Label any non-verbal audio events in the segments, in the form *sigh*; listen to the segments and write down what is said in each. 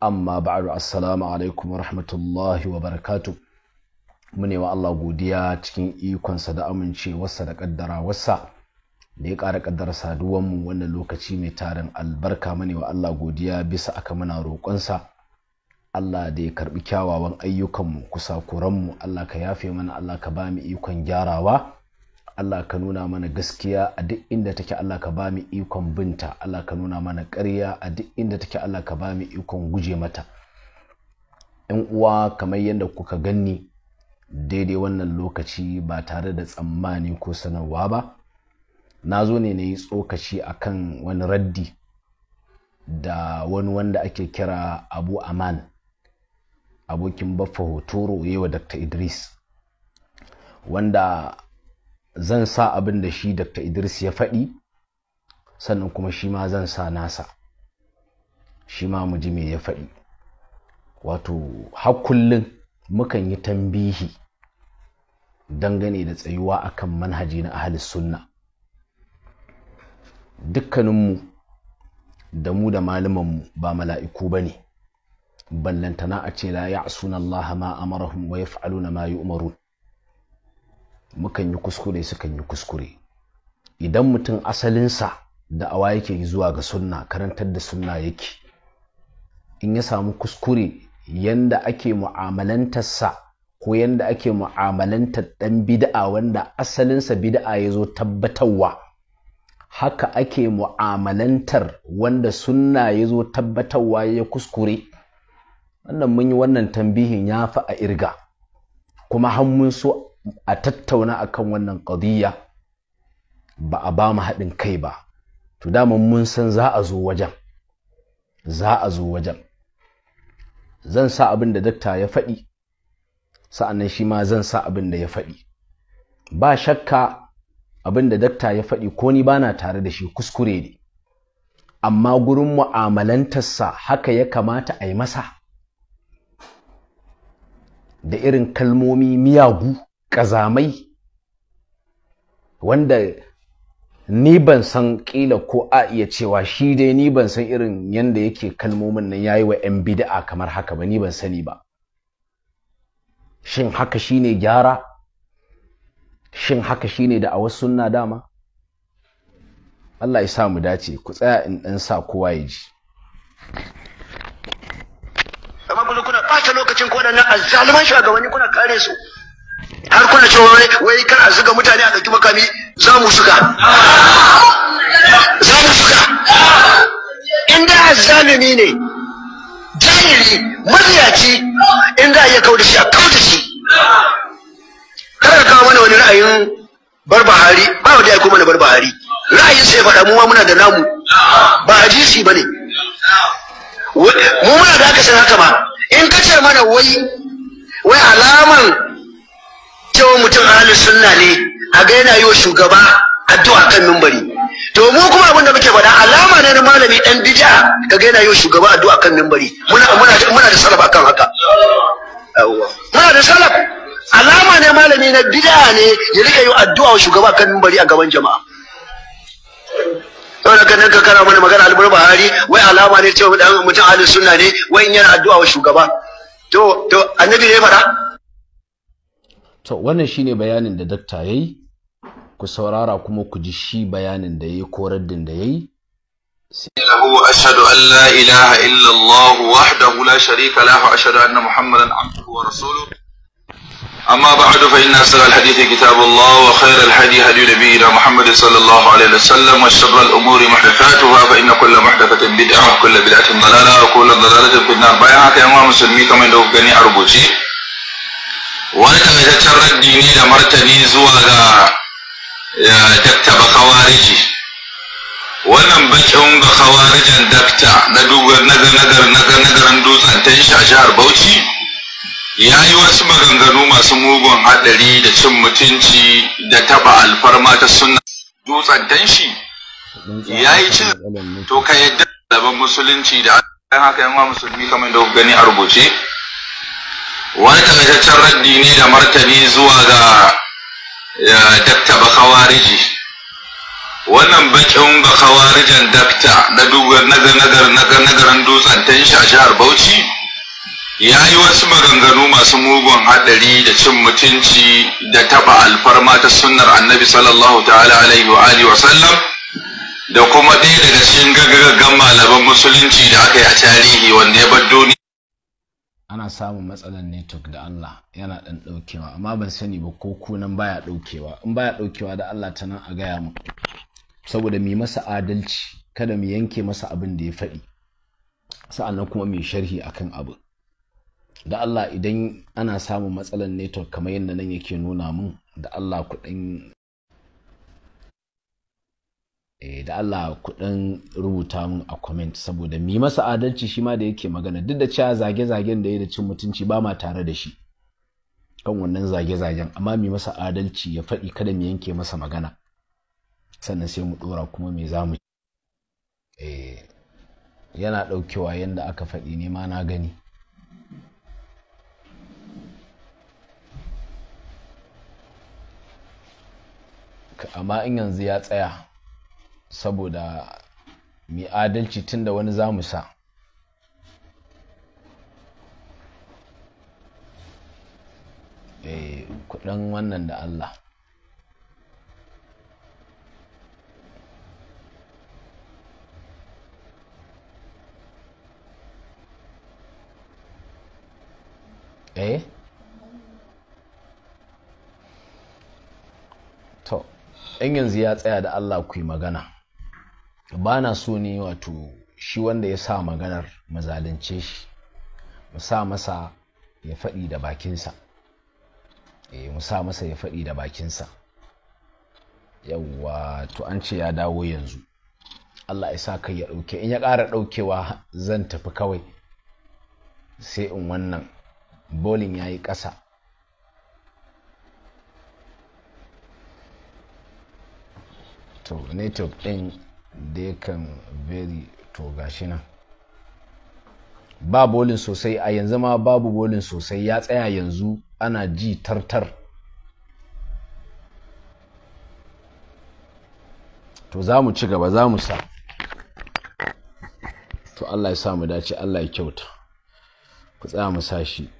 amma ba'adu assalamu alaikum wa rahmatullahi wa barakatu mune wa Allah godiya cikin ikonsa da amincewarsa da kaddara wasa da ya ƙara kaddara saduwan mu wannan lokaci mai tarin albarka mune wa Allah godiya bisa aka muna roƙonsa Allah da ya karɓi kyawawan ayyukanmu kusa kuranmu Allah ka yafe mana Allah ka ba mu ikon gyarawa Allah ka nuna mana gaskiya a duk inda take Allah ka ba mu ikon binta Allah ka nuna mana ƙarya a duk inda take Allah ka ba mu ikon guje mata ‘yan uwa kamar yadda kuka ganni daidai wannan lokaci ba tare da tsammani ko sanarwa ba na zo ne na yi tsokaci a kan wani raddi da wani wanda ake kira abu aman abokin baffa hotoro yawa dr idris wanda zan sa abin da shi dr idris ya faɗi sannan kuma shi ma zan sa nasa shi ma mu ji me ya faɗi wato har kullun mukan yi tambihi dangane da tsayuwa akan manhaji na ahalis sunna dukkaninmu da mu da malumanmu ba mala'iku ba ne ballantana a ce la ya suna Allah ma amarahum wa yaf'aluna ma yu'marun mukan yi kuskure sukan yi kuskure idan mutum asalinsa da awa yake zuwa ga sunna karantar da sunna yake in ya samu kuskure yanda ake mu'amalantarsa ko yanda ake mu'amalantar ɗan bid'a wanda asalinsa bid'a ya zo tabbatarwa haka ake mu'amalantar wanda sunna ya zo tabbatarwa ya kuskure wannan mun yi wannan tambihin ya fi a irga kuma mun so a tattauna akan wannan ƙadiyya ba a ba mu haɗin kai ba to dama mun san za a zo wajen za a zo wajen zan sa abin da dakta ya faɗi sa'annan shi ma zan sa abin da ya faɗi ba shakka abin da dakta ya faɗi ko ni bana tare da shi kuskure ne amma gurin mu'amalantarsa haka ya kamata a yi masa da irin kalmomi miyagu ƙazamai wanda ni ban san ƙila ko a iya cewa shi dai ni ban san irin yanda yake kalmomin nan yayi wa 'yan bid'a kamar haka ba ni ban sani ba shin haka shine gyara shin haka shine da a wasu sunna dama Allah ya sa mu dace ku tsaya in ɗan sa kowa ya ji amma kuna ɓata lokacin ko waɗannan azzaluman shugabanni kuna kare su har kuna cewa wai kar a zuga mutane a dauki makami za mu zuga za mu zuga in da azzalimi ne jahili maziyaci in da ya kauda shi a kauda shi kar ka kawo mana wani ra'ayin barbahari ba wanda ya kuma mana barbahari ra'ayin sai faɗa mu ma muna da namu ba hadisi bane mu muna da aka san haka ba in ka ce mana wai wai alaman cewa mutum ahalin sunna ne a ga yana yi wa shugaba addu'a kan mimbari to mu kuma abin da muke faɗa alama ne na malami dan dija ka ga yana yi wa shugaba addu'a kan mimbari muna muna muna da salaf akan haka muna da salaf alama ne malami na bid'a ne ya rika yi addu'a wa shugaba kan mimbari a gaban jama'a wanda kan ka kana mana magana albar bahari wai alama ne cewa mutum ahlus sunna ne wai yana addu'a wa shugaba to to annabi ne fara to wannan shine bayanin da dakta yayi ku saurara kuma ku ji shi bayanin da yayi ko raddin da yayi أشهد أن لا إله إلا الله وحده لا شريك له وأشهد أن محمدا عبده ورسوله أما بعد فإن أصدق الحديث كتاب الله وخير الهدي هدي نبينا محمد صلى الله عليه وسلم وشر الأمور محدثاتها فإن كل محدثة بدعة وكل بدعة ضلالة وكل ضلالة في النار بايعك يا مسلمين كما يدوك أربوتي wani takaitaccen raddi ne da martani zuwa ga dakta khawariji wannan bakin bakawarijan dakta na nagarin dutsen ta shi a jihar bauchi ya yi wasu maganganu masu mugun haɗari da cin mutunci da taba alfarma ta suna dutsen tanshi ya yi cin to ka yadda musulunci da haka yan musulmi kamar da gani a rubuce wani takaitaccen raddi ne da martani zuwa ga dakta bakawariji wannan bakin bakawarijan dakta na nagarin dutsen ta shi a jihar bauchi ya yi wasu maganganu masu mugun haɗari da cin mutunci da taɓa alfarma ta sunnar annabi sallallahu ta'ala alaihi wa alihi wa sallam da kuma ɗaya daga cikin gaggagan malaman musulunci da aka yi a tarihi wanda ya bar duniya ana samun matsalar network da Allah yana ɗan ɗaukewa amma ban sani ba ko kunan baya ɗaukewa in baya ɗaukewa da Allah ta nan a gaya mu saboda mu masa adalci kada mu yanke masa abin da ya faɗi sa'annan kuma mu sharhi akan abu da Allah idan ana samun matsalar network kamar yadda nan yake nuna mun da Allah kuɗin Eh, da Allah kuɗin rubuta mun a comment saboda mi masa adalci shi ma da yake magana duk da cewa zage-zagen da ya da cin mutunci ba ma tare da shi kan wannan zage-zagen amma mi masa adalci ya faɗi kada mu yanke masa magana sannan sai mu ɗora kuma me za mu eh, yana ɗaukewa yadda aka faɗi ne ma na gani amma in yanzu ya tsaya saboda mai adalci tun da wani za mu sa eh, kudin wannan da Allah eh to yanzu ya tsaya da Allah ku yi magana ba na so ne wato shi wanda ya sa maganar mazalince shi mu sa masa ya faɗi da bakinsa eh, mu sa masa ya faɗi da bakinsa yawwa to an ce ya dawo yanzu Allah ya sa kai ya ɗauke in ya ƙara ɗaukewa zan tafi kawai sai in wannan bolin ya yi ƙasa to native ɗin they can very to gashi nan ba bolin sosai a yanzu ma babu bolin sosai ya tsaya yanzu ana ji tartar to za mu ci gaba za mu sa to allah ya samu dace allah ya kyauta ku tsaya mu sa shi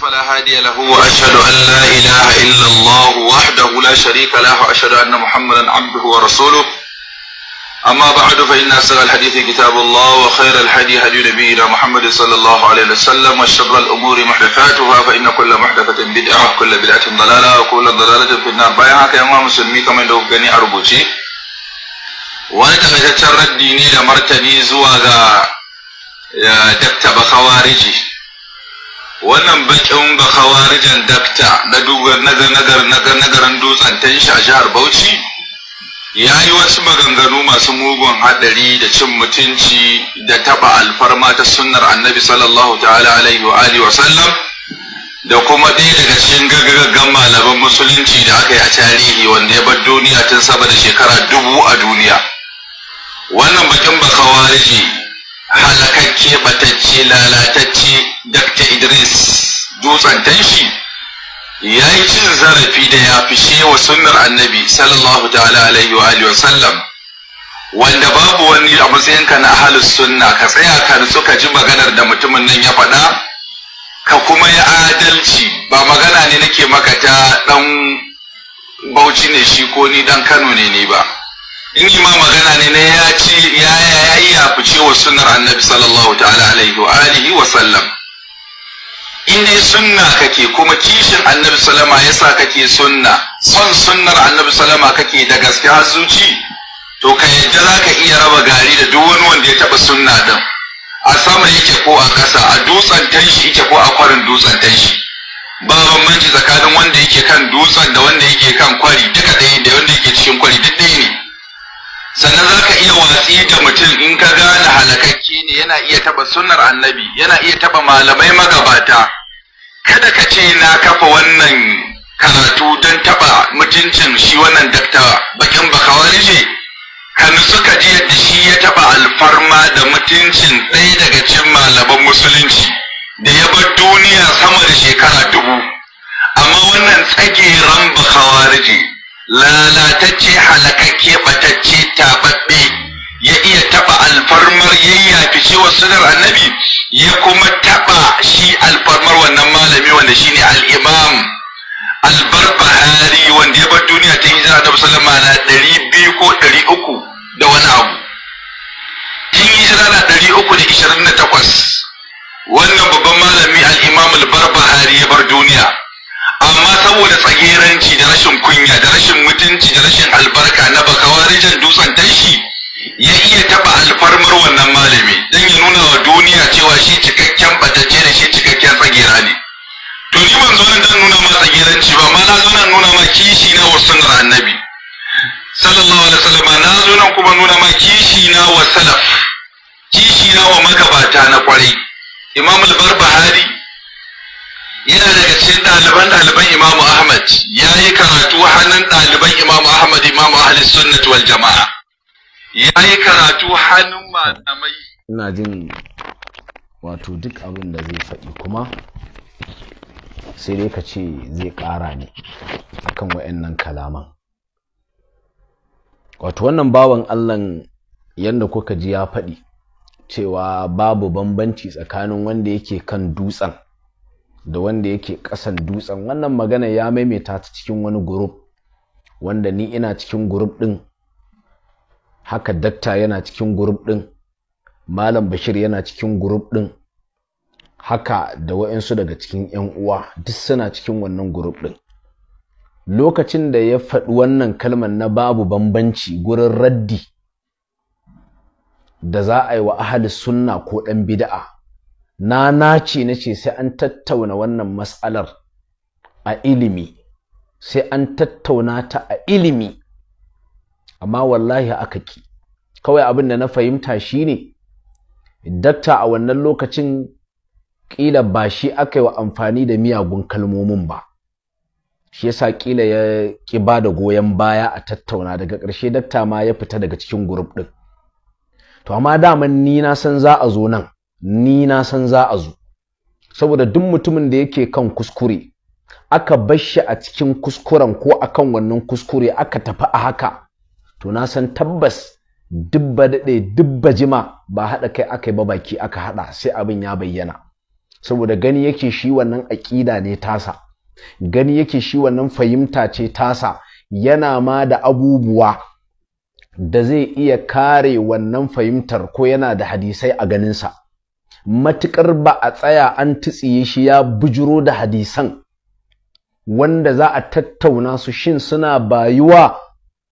فلا هادي له وأشهد أن لا إله إلا الله وحده لا شريك له وأشهد أن محمدا عبده ورسوله أما بعد فإن أصدق الحديث كتاب الله وخير الحديث هدي نبينا محمد صلى الله عليه وسلم وشر الأمور محدثاتها فإن كل محدثة بدعة وكل بدعة ضلالة وكل ضلالة في النار بايعها كما مسلمي كما دوغني أربوشي wani takaitaccen raddi ne da martani zuwa ga dakta bakawariji wannan bakin ga khawarijan dakta na nagarin dutsen shi a jihar bauchi ya yi wasu maganganu masu mugun hadari da cin mutunci da taba alfarma ta sunnar annabi sallallahu ta'ala alaihi wa alihi wa sallam da kuma ɗaya daga cikin gaggagaggan malaman musulunci da aka yi a tarihi wanda ya bar duniya tun saba da shekara dubu a duniya wannan bakin bakawariji halakakke batacce lalatacce Dr. Idris dutsen tanshi ya yi cin zarafi da ya fishe wa sunnar annabi sallallahu ta'ala alaihi wa alihi wa wanda babu wani a matsayinka na ahalus sunna ka tsaya ka suka ji maganar da mutumin nan ya faɗa ka kuma ya adalci ba magana ne nake maka ta ɗan bauchi ne shi ko ni ɗan kano ne ni ba in ma magana ne na ya ci ya yi ya fice wa sunnar annabi sallallahu ta'ala alaihi wa alihi wa in dai sunna kake kuma kishin annabi salama yasa kake sunna son sunnar annabi salama kake da gaske har zuci to ka yadda za ka iya raba gari da duk wani wanda ya taba sunna din a sama yake ko a ƙasa a dutsen tanshi yake ko a kwarin dutsen tanshi ba bambanci tsakanin wanda yake kan dutsen da wanda yake kan kwari duka ɗaya da wanda yake cikin kwari duk ɗaya ne sannan za ka iya watsi da mutum in ka gane halakakke ne yana iya taba sunar annabi yana iya taba malamai magabata kada ka ce na kafa wannan karatu don taba mutuncin shi wannan dakta bakin bakawar ce ka suka ka ji yadda shi ya taba alfarma da mutuncin ɗaya daga cikin malaman musulunci da ya bar duniya sama da shekara dubu amma wannan tsageran bakawarji lalatacce halakakke batacce tababbe ya iya taba alfarmar yayyafi cewar sunar annabi ya kuma taba shi alfarmar wannan malami wanda shine al-imam al-barbahari wanda ya bar duniya ta hijira da musallama na ɗari biyu ko ɗari uku da wani abu tun hijira na ɗari uku da ishirin da takwas wannan babban malami al-imam al-barbahari ya bar duniya amma saboda tsageranci da rashin kunya da rashin mutunci da rashin albarka na bakawarijan dutsen tashi ya iya taba alfarmar wannan malami Dan ya nuna wa duniya cewa shi cikakken batacce da shi cikakken tsagera ne to ni ban zo nan nuna ma tsageranci ba ma na nan nuna ma kishi na wa sunnar annabi sallallahu alaihi wasallam na zo nan kuma nuna ma kishi na wa salaf kishi na wa magabata na kwarai imam al-barbahari yana daga cikin ɗaliban ɗaliban Imam Ahmad ya yi karatu hannun ɗaliban Imam Ahmad Imam Ahli Sunnah wal Jama'a ya yi karatu hannun malamai ina jin wato duk abin da zai faɗi kuma sai dai ka ce zai ƙara ne akan wayannan kalaman wato wannan bawan Allah yadda kuka ji ya faɗi cewa babu bambanci tsakanin wanda yake kan dutsen da wanda yake ƙasan dutsen wannan magana ya maimaita ta cikin wani gurup wanda ni ina cikin gurup ɗin haka dakta yana cikin gurup ɗin malam bashir yana cikin gurup ɗin haka da wa'insu daga cikin 'yan uwa duk suna cikin wannan gurup ɗin lokacin da ya faɗi wannan kalmar na babu bambanci gurin raddi da za a yi wa ahli sunna ko ɗan bida'a na nace na ce sai an tattauna wannan matsalar a ilimi sai an tattauna ta a ilimi amma wallahi aka ki kawai abin da na fahimta shine dakta a wannan lokacin kila ba shi aka yi wa amfani da miyagun kalmomin ba shi yasa kila ya ki ba da goyon baya a tattauna daga ƙarshe dakta ma ya fita daga cikin gurup ɗin to amma daman ni na san za a zo nan ni na san za a zo saboda duk mutumin da yake kan kuskure aka bar shi a cikin kuskuren ko a kan wannan kuskure aka tafi a haka to na san tabbas dubba daɗe dubba jima ba haɗa kai aka yi ba baki aka haɗa sai abin ya bayyana saboda gani yake shi wannan aƙida ne tasa gani yake shi wannan fahimta ce tasa yana ma da abubuwa da zai iya kare wannan fahimtar ko yana da hadisai a ganinsa matukar ba a tsaya an tutsiye shi ya bujuro da hadisan wanda za a tattauna su shin suna bayuwa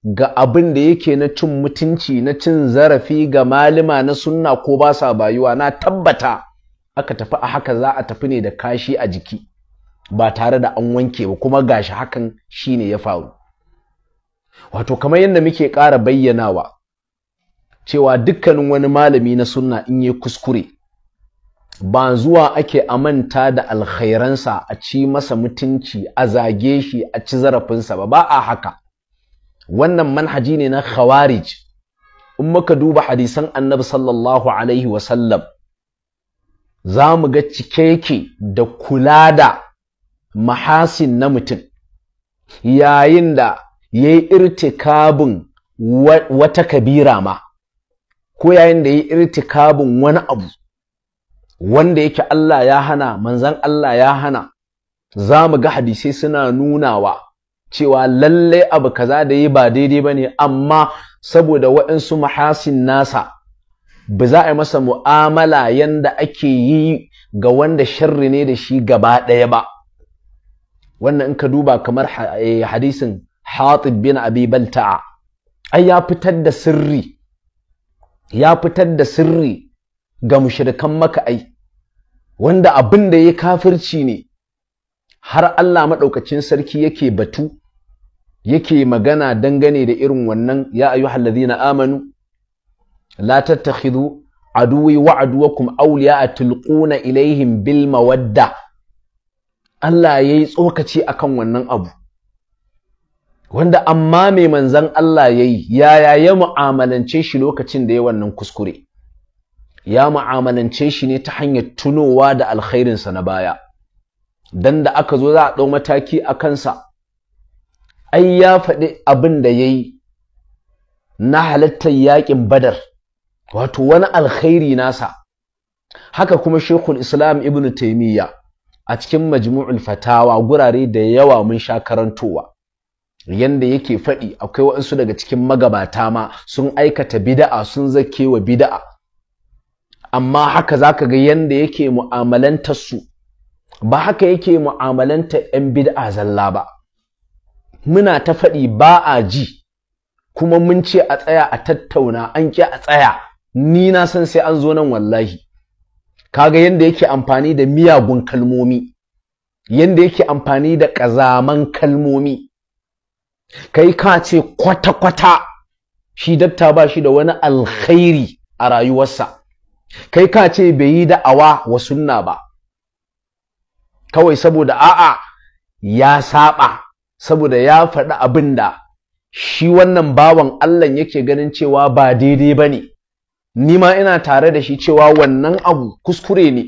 ga abin da yake na cin mutunci na cin zarafi ga malima na sunna ko ba sa bayuwa na tabbata aka tafi a haka za a tafi ne da kashi a jiki ba tare da an wanke ba kuma gashi hakan shine ya faru wato kamar yadda muke ƙara bayyanawa cewa dukkanin wani malami na sunna in yi kuskure ba zuwa ake amanta da alkhairansa a ci masa mutunci a zage shi a ci zarafinsa ba ba a haka wannan manhaji ne na khawarij in muka duba hadisan annabi sallallahu alaihi wasallam za mu ga cike yake da kula da mahasin na mutum yayin da ya yi irtikabin wata kabira ma ko yayin da ya yi irtikabin wani abu wanda yake Allah ya hana manzan Allah ya hana za mu ga hadisai suna nunawa cewa lalle abu kaza da yi ba daidai ba ne amma saboda waɗansu mahasin nasa ba za a yi masa mu'amala yanda ake yi ga wanda sharri ne da shi gaba ɗaya ba wannan in ka duba kamar eh, hadisin hatib bin abi balta'a ai ya fitar da sirri ya fitar da sirri ga mushrikan maka ai wanda abin da ya kafirci ne har Allah maɗaukacin sarki yake batu yake magana dangane da irin wannan ya ayyuhal amanu la tattakhidhu aduwi wa aduwakum a tulquna ilaihim bil mawadda Allah yayi tsokaci akan wannan abu wanda amma mai manzan Allah yayi yaya ya mu'amalance shi lokacin da ya wannan kuskure ya ma'amalance shi ne ta hanyar tunowa da alkhairinsa na baya dan da aka zo za a ɗau mataki a kansa ai ya faɗi abin da ya yi na halittar yaƙin badar wato wani alkhairi nasa haka kuma shekul islam ibn taimiyya a cikin majmu'ul fatawa gurare da yawa mun sha karantowa yanda yake faɗi akwai waɗansu daga cikin magabata ma sun aikata bida'a sun zake wa bida'a amma haka zaka ga yanda yake mu'amalantar su ba haka yake mu'amalantar 'yan bid'a zalla ba muna ta faɗi ba a ji kuma mun ce a tsaya a tattauna an ƙi a tsaya ni na san sai an zo nan wallahi kaga yanda yake amfani da miyagun kalmomi yanda yake amfani da ƙazaman kalmomi kai ka ce kwata-kwata shi dabta ba shi da wani alkhairi a rayuwarsa kai ka ce bai yi da'awa wa sunna ba kawai saboda a'a ya saba saboda ya faɗi abin da shi wannan bawan Allah yake ganin cewa ba daidai ba ne ni ma ina tare da shi cewa wannan abu kuskure ne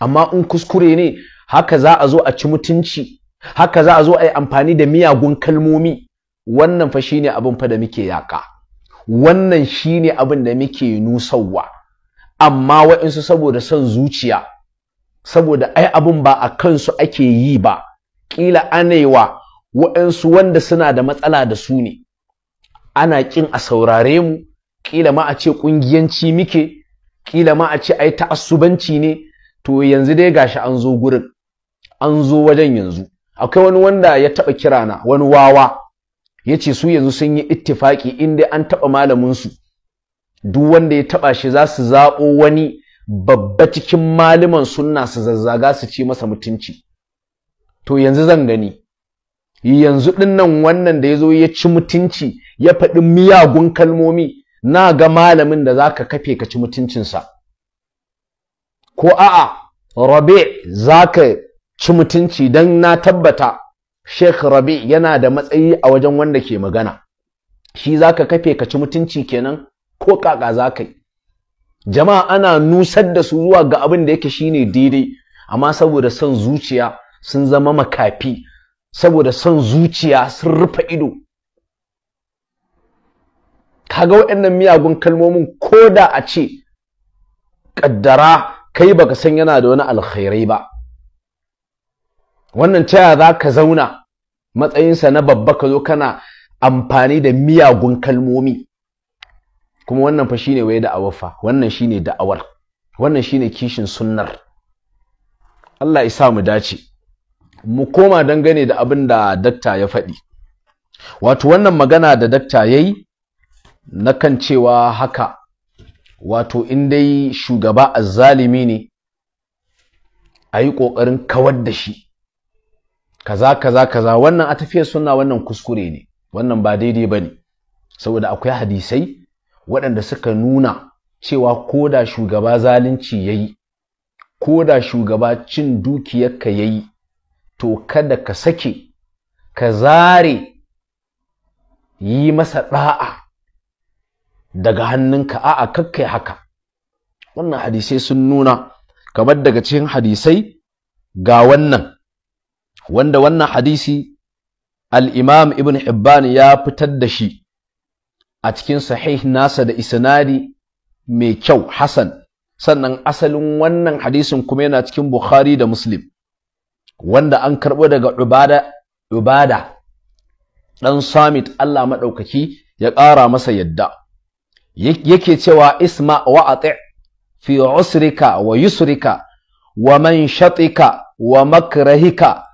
amma in kuskure ne haka za a zo a ci mutunci haka za a zo a yi amfani da miyagun kalmomi wannan fa shine abin fa da muke yaƙa wannan shine abin da muke nusawa amma waɗansu saboda son zuciya saboda ai abun ba a kansu ake yi ba kila wa waɗansu wanda suna da matsala da su ne ana ƙin a saurare mu kila ma a ce kungiyanci muke Ƙila ma a ce ai ta'assubanci ne to yanzu dai gashi an zo gurin an zo wajen yanzu akwai wani wanda ya taba kirana wani wawa yace su yanzu sun yi ittifaki in dai an taɓa malamin su duk wanda ya taɓa shi za su zaɓo wani babba cikin malaman sunna su zazzaga su ci masa mutunci to yanzu zan gani yanzu ɗin nan wannan da ya zo ya ci mutunci ya faɗi miyagun kalmomi na ga malamin da za ka kafe ka ci mutuncinsa ko a'a rabe za ka ci mutunci don na tabbata sheikh rabe yana da matsayi a wajen wanda ke magana shi za ka kafe ka ci mutunci kenan ko kaka za ka yi jama'a ana nusar da su zuwa ga abin da yake shine daidai amma saboda son zuciya sun zama makafi saboda son zuciya sun rufe ido kaga waɗannan miyagun kalmomin ko da a ce ƙaddara kai baka san yana da wani alkhairai ba wannan taya za ka zauna matsayinsa na babba ka zo kana amfani da miyagun kalmomi kuma wannan fa shine waye da'awar fa wannan shine da'awar wannan shine kishin sunnar Allah ya sa mu dace mu koma dangane da abin da dakta ya faɗi wato wannan magana da dakta yayi na kan cewa haka wato in dai shugaba azzalimi ne a yi ƙoƙarin kawar da shi kaza kaza kaza wannan a tafiyar sunna wannan kuskure ne wannan ba daidai ba ne saboda akwai hadisai waɗanda suka nuna cewa ko da shugaba zalunci ya yi ko da shugaba cin dukiyarka ya yi to kada ka sake ka zare yi masa ɗa'a daga hannunka a'a kakkai haka wannan hadisai sun nuna kamar daga cikin hadisai ga wannan wanda wannan hadisi al'imam ibn Hibban ya fitar da shi a cikin sahih nasa da isnadi mai kyau hasan sannan asalin wannan hadisin kuma yana cikin bukhari da muslim wanda an karɓo daga ubada ubada ɗan samit allah maɗaukaki ya ƙara masa yadda yake cewa isma wa ati fi usrika wa yusrika wa man shatika wa makrahika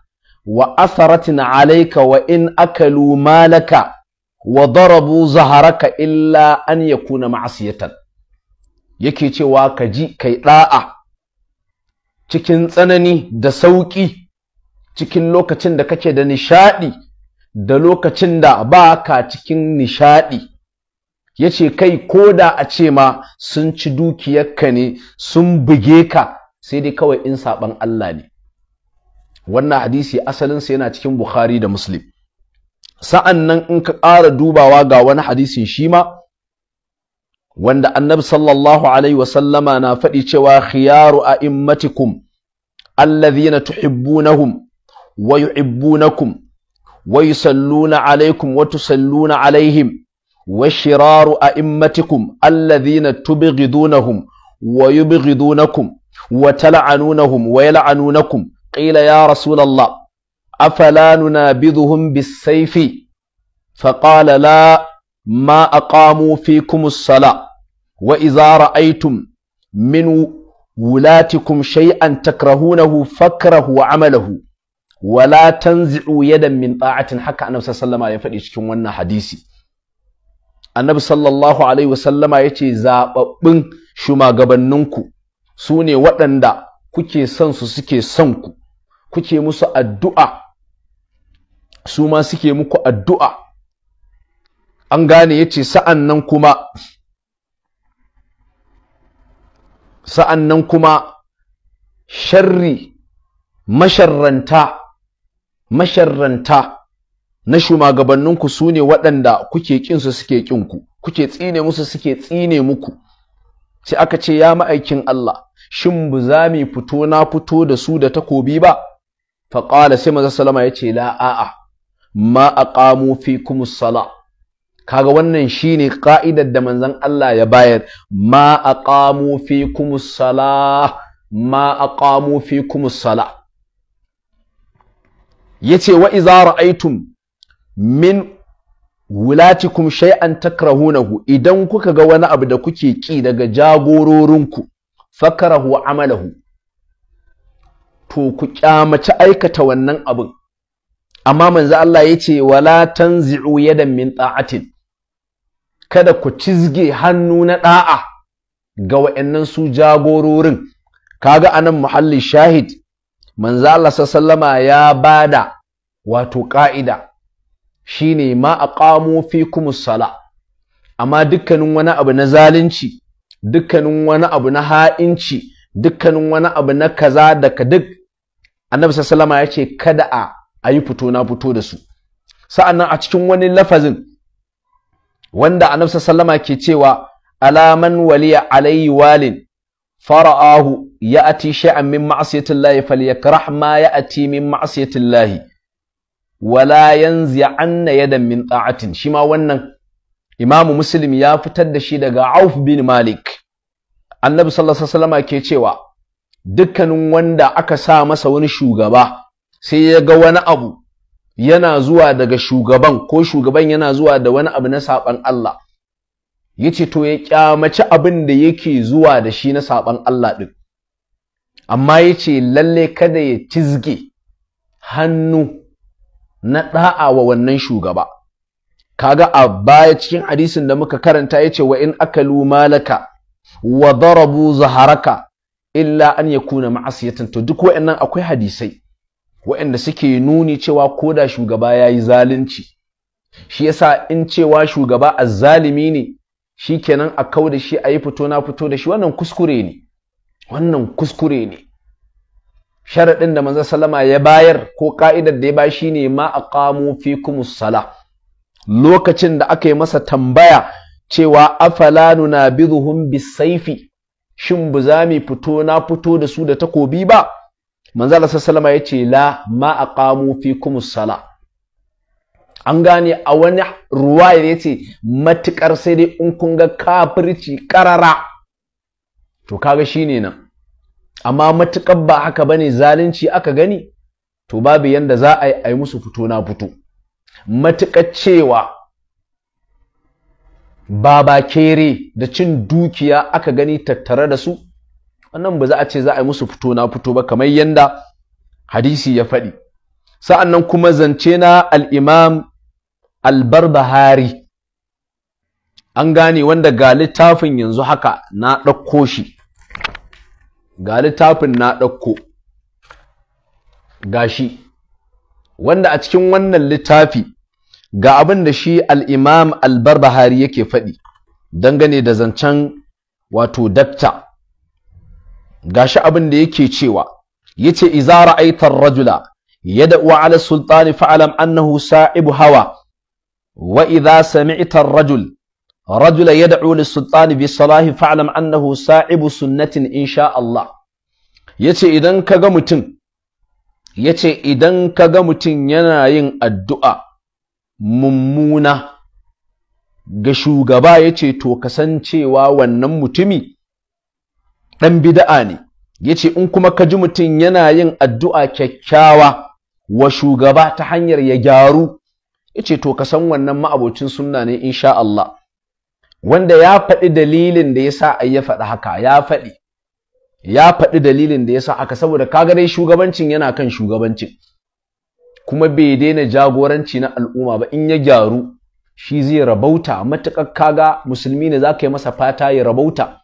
wa asaratin alaika wa in akalu malaka wa darabu zaharaka illa an yakuna ma'asiyatan yake cewa ka ji kai da'a cikin tsanani da sauƙi cikin lokacin da kake da nishaɗi da lokacin da ba ka cikin nishaɗi ya ce kai ko da a ce ma sun ci dukiyarka ne sun buge ka sai dai kawai in saɓan Allah ne wannan hadisi asalinsa yana cikin Bukhari da Muslim sa'an nan in ka ƙara dubawa ga wani hadisin shi ma wanda annabi sallallahu alaihi wasallama na faɗi cewa khiyaru a'immatikum alladhina tuhibbunahum wa yuhibbunakum wa yusalluna alaikum wa tusalluna alaihim wa shiraru a'immatikum alladhina tubghidunahum wa yubghidunakum wa tal'anunahum wa yal'anunakum Ƙila ya rasulallah afala nunabidhuhum bisayfi faqala la ma aqamu fikum as-sala wa idza ra'aitun min wulatikum shay'an takrahunahu fakrahu amalahu wala tanzi'u yadan min ta'atin haka annabi sallama ya faɗi cikin wannan hadisi annabi sallallahu alaihi wasallama yace zaɓabbin shugabanninku su ne waɗanda kuke son su suke son ku kuke musu addu'a su ma suke muku addu'a an gane ya ce sa'an nan kuma sa'an nan kuma sharri masharranta masharranta na shugabanninku su ne waɗanda kuke ƙinsu suke ƙinku kuke tsine musu suke tsine muku sai aka ce ya ma'aikin Allah shin bu za mu fito na fito da su da takobi ba faƙala sai maza salama ya ce la'a'a. ma aqamu fikum sala kaga wannan shine ƙa'idar da manzon Allah ya bayar ma aqamu fikum sala ma aqamu fikum sala yace wa idza ra'aytum min wulatikum shay'an takrahunahu idan kuka ga wani abu da kuke ƙi daga jagororinku fakarahu amalahu to ku ƙyamaci aikata wannan abin amma manzo Allah ya ce wala tanzi'u yadan min ta'atin kada ku cizge hannu na da'a ga wa'annan su jagororin kaga anan muhalli shahid manzo Allah sallama ya bada wato ka'ida shine ma aqamu fikum sala amma dukkanin wani abu na zalunci dukkanin wani abu na ha'inci dukkanin wani abu na kaza daga duk annabi sallama ya ce kada a a yi fito na fito da su sa'annan a cikin wani lafazin wanda annabi sallama ke cewa alaman waliya alayhi walin fara'ahu ya'ti shay'an min ma'siyati llahi falyakrah ma ya'ti min ma'siyati llahi wala yanzi anna yadan min ta'atin shima wannan imamu muslim ya fitar da shi daga auf bin malik annabi sallallahu alaihi wasallama ke cewa dukkanin wanda aka sa masa wani shugaba sai ya ga wani abu yana zuwa daga shugaban ko shugaban yana zuwa da wani abu na saɓan Allah ya ce to ya kyamaci abin da yake zuwa da shi na saɓan Allah ɗin amma ya ce lalle kada ya cizge hannu na ɗa'a wa wannan shugaba kaga a baya cikin hadisin da muka karanta ya ce wa in akalu malaka wa darabu zaharaka illa an yakuna ma'asiyatan to duk wa'annan akwai hadisai waɗanda suke nuni cewa ko da shugaba ya yi zalunci shi yasa in cewa shugaba azzalimi ne shi kenan a kau da shi a yi fito na fito da shi wannan kuskure ne wannan kuskure ne sharaɗin da manzo salama ya bayar ko ka'idar da ya ba shi ne ma a aqamu fikum sala lokacin da aka yi masa tambaya cewa afala nunabiduhum bisaifi shin bu za mu fito na fito da su da takobi ba manzo Allah wasallam yace la ma aqamu fikum sala an gane a wani ruwa ya yace matukar sai dai in kun ga kafirci karara to kaga shine nan amma matukar ba haka bane zalunci aka gani to babu yanda za a yi a yi musu fito na fito matukar cewa babakere da cin dukiya aka gani tattare da su wannan ba za a ce za a yi musu fito na fito ba kamar yadda hadisi ya faɗi sa'annan kuma zance na al-imam al an gane wanda ga littafin yanzu haka na ɗauko shi ga littafin na ɗauko ga shi wanda a cikin wannan littafi ga abin da shi al'imam albarbahari yake faɗi dangane da zancen wato dakta gashi abin da yake cewa yace iza ra'aitar rajula yad'u 'ala sultani fa'lam annahu sa'ibu hawa wa idza sami'ta rajul rajula yad'u lis-sultani bi salahi fa'lam annahu sa'ibu sunnatin insha Allah yace idan kaga mutum yace idan kaga mutum yana yin addu'a mummuna ga shugaba yace to kasancewa wannan mutumi ɗan bida'a ne ya ce in kuma ka ji mutum yana yin addu'a kyakkyawa wa shugaba ta hanyar ya gyaru ya ce to ka san wannan ma'abocin sunna ne insha Allah wanda ya faɗi dalilin da ya sa a ya faɗi haka ya faɗi ya faɗi dalilin da ya sa aka saboda kaga dai shugabancin yana kan shugabancin kuma bai daina jagoranci na al'umma ba in ya gyaru shi zai rabauta matuƙar kaga musulmi ne za ka yi masa fata ya rabauta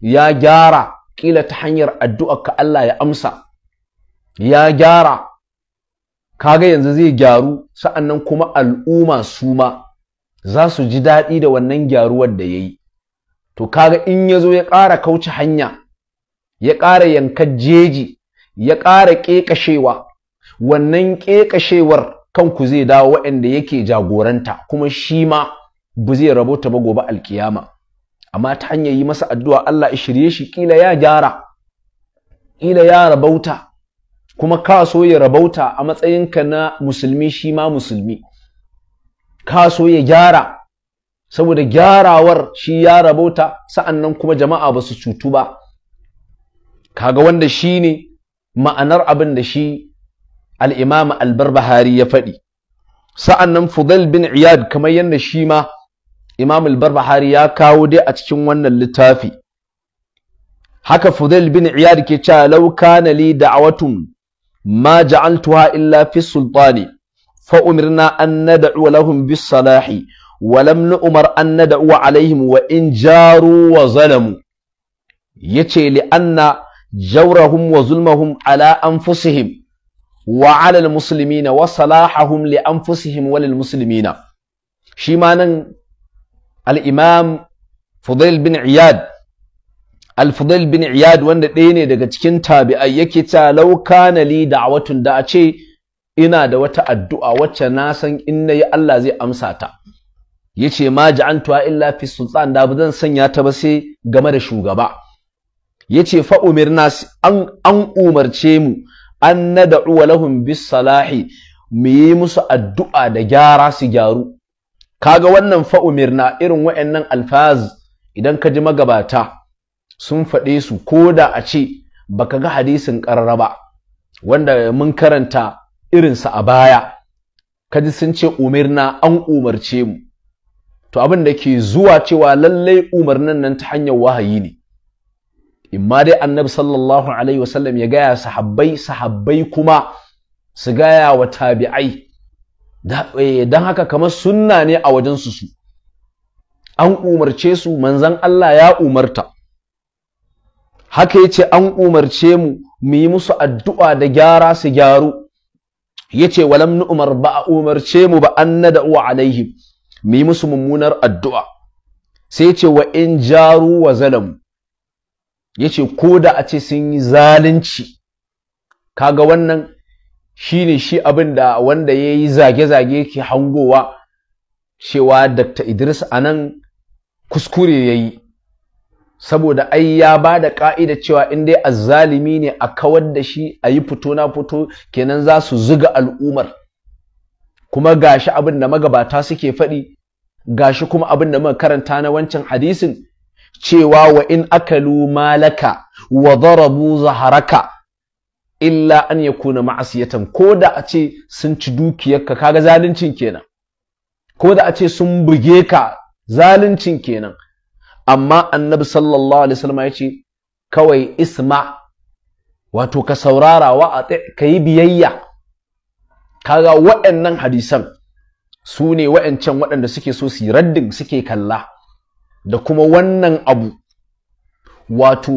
ya gyara kila ta hanyar addu'ar ka Allah ya amsa ya gyara kaga yanzu zai gyaru sa'annan kuma al'umma su ma za su ji daɗi da wannan gyaruwar da ya yi to kaga in ya zo ya ƙara kauce hanya ya ƙara yankar jeji ya ƙara ƙeƙashewa wannan ƙeƙashewar kanku zai dawo waɗanda yake jagoranta kuma shi ma ba zai rabota ba gobe alkiyama amma ta hanyar yi masa addu'a Allah ya shirye shi kila ya gyara kila ya rabauta kuma ka so ya rabauta a matsayinka na musulmi shi ma musulmi ka so ya gyara saboda gyarawar shi ya rabauta sa'annan kuma jama'a ba su cutu ba Ka ga wanda shi ne ma'anar abin da shi albar bahari ya faɗi sa'annan fudal bin iyad kamar yadda shi ma imam al-barbahari ya kawo dai a cikin wannan littafi haka fudail bin iyad ke cewa law kana li da'watun ma ja'altuha illa fi sultani fa umirna an nad'u lahum bis salahi wa lam nu'mar an nad'u alaihim wa in jaru wa zalamu yace li anna jawrahum wa zulmahum ala anfusihim wa ala al-muslimina wa salahahum li anfusihim wa lil muslimina shi ma nan al-imam fudail bin iyad al-fudail bin iyad wanda ɗaya ne daga cikin tabi'ai yake ta lauka na li da'watun da a ce ina da wata addu'a wacce na san in yi Allah zai amsa ta ya ce ma ja'antuwa illa fi sultan da ba zan sanya ta ba sai game da shugaba yace fa umirna an an umarce mu an na da'uwa lahun bis salahi mu yi musu addu'a da gyara su gyaru kaga wannan fa'umirna irin wa'annan alfaz idan ka ji magabata sun faɗe su ko da a ce baka ga hadisin ƙarara ba wanda mun karanta irinsa a baya Ka ji sun ce umirna an umarce mu to abin da ke zuwa cewa lallai umarnin nan ta hanyar wahayi ne imma dai annabi sallallahu alaihi wasallam ya gaya sahabbai sahabbai kuma su gaya wa tabi'ai don eh, haka kamar sunna ne a wajensu su an umarce su manzan Allah ya umarta haka yace an umarce mu mu yi musu addu'a da gyara su gyaru Yace walam nu'umar ba a umarce mu ba Annada uwa alaihim mu yi musu mummunar addu'a sai ce wa in jaru wa zalam. Yace koda a ce sun yi zalunci kaga wannan Shi ne shi abin da wanda ya yi zage-zage ke hangowa cewa Dr. Idris a nan kuskure ya yi saboda ai ya ba da ƙa'ida cewa in dai azzalimi ne a kawar da shi a yi fito na fito kenan za su zuga al'umar kuma gashi abin da magabata suke faɗi gashi kuma abin da muka karanta na wancan hadisin cewa wa in akalu malaka wa darabu zaharaka illa an kuna ma'asiyatan ko da a ce sun ci dukiyarka kaga zaluncin kenan ko da a ce sun buge ka zaluncin kenan amma annabi sallallahu alaihi wasallam ya ce kawai isma wato ka saurara wa a ka yi biyayya kaga waɗannan hadisan su ne waɗancan waɗanda suke so su yi raddin suke kalla da kuma wannan abu wato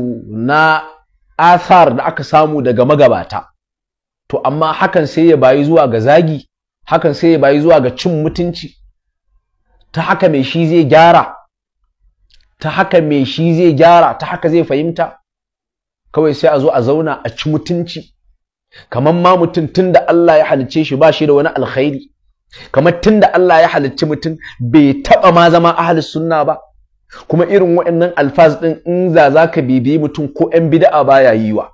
na asar da aka samu daga magabata to amma hakan sai ya bayi zuwa ga zagi hakan sai ya bayi zuwa ga cin mutunci ta haka mai shi zai gyara ta haka mai shi zai gyara ta haka zai fahimta kawai sai a zo a zauna a ci mutunci kamar ma mutum tun da Allah ya halicce shi ba shi da wani alkhairi kamar tun da Allah ya halicci mutum bai taɓa ma zama ahli sunna ba kuma irin waɗannan alfaz ɗin in za za ka bibiyi mutum ko 'yan bida'a baya yi wa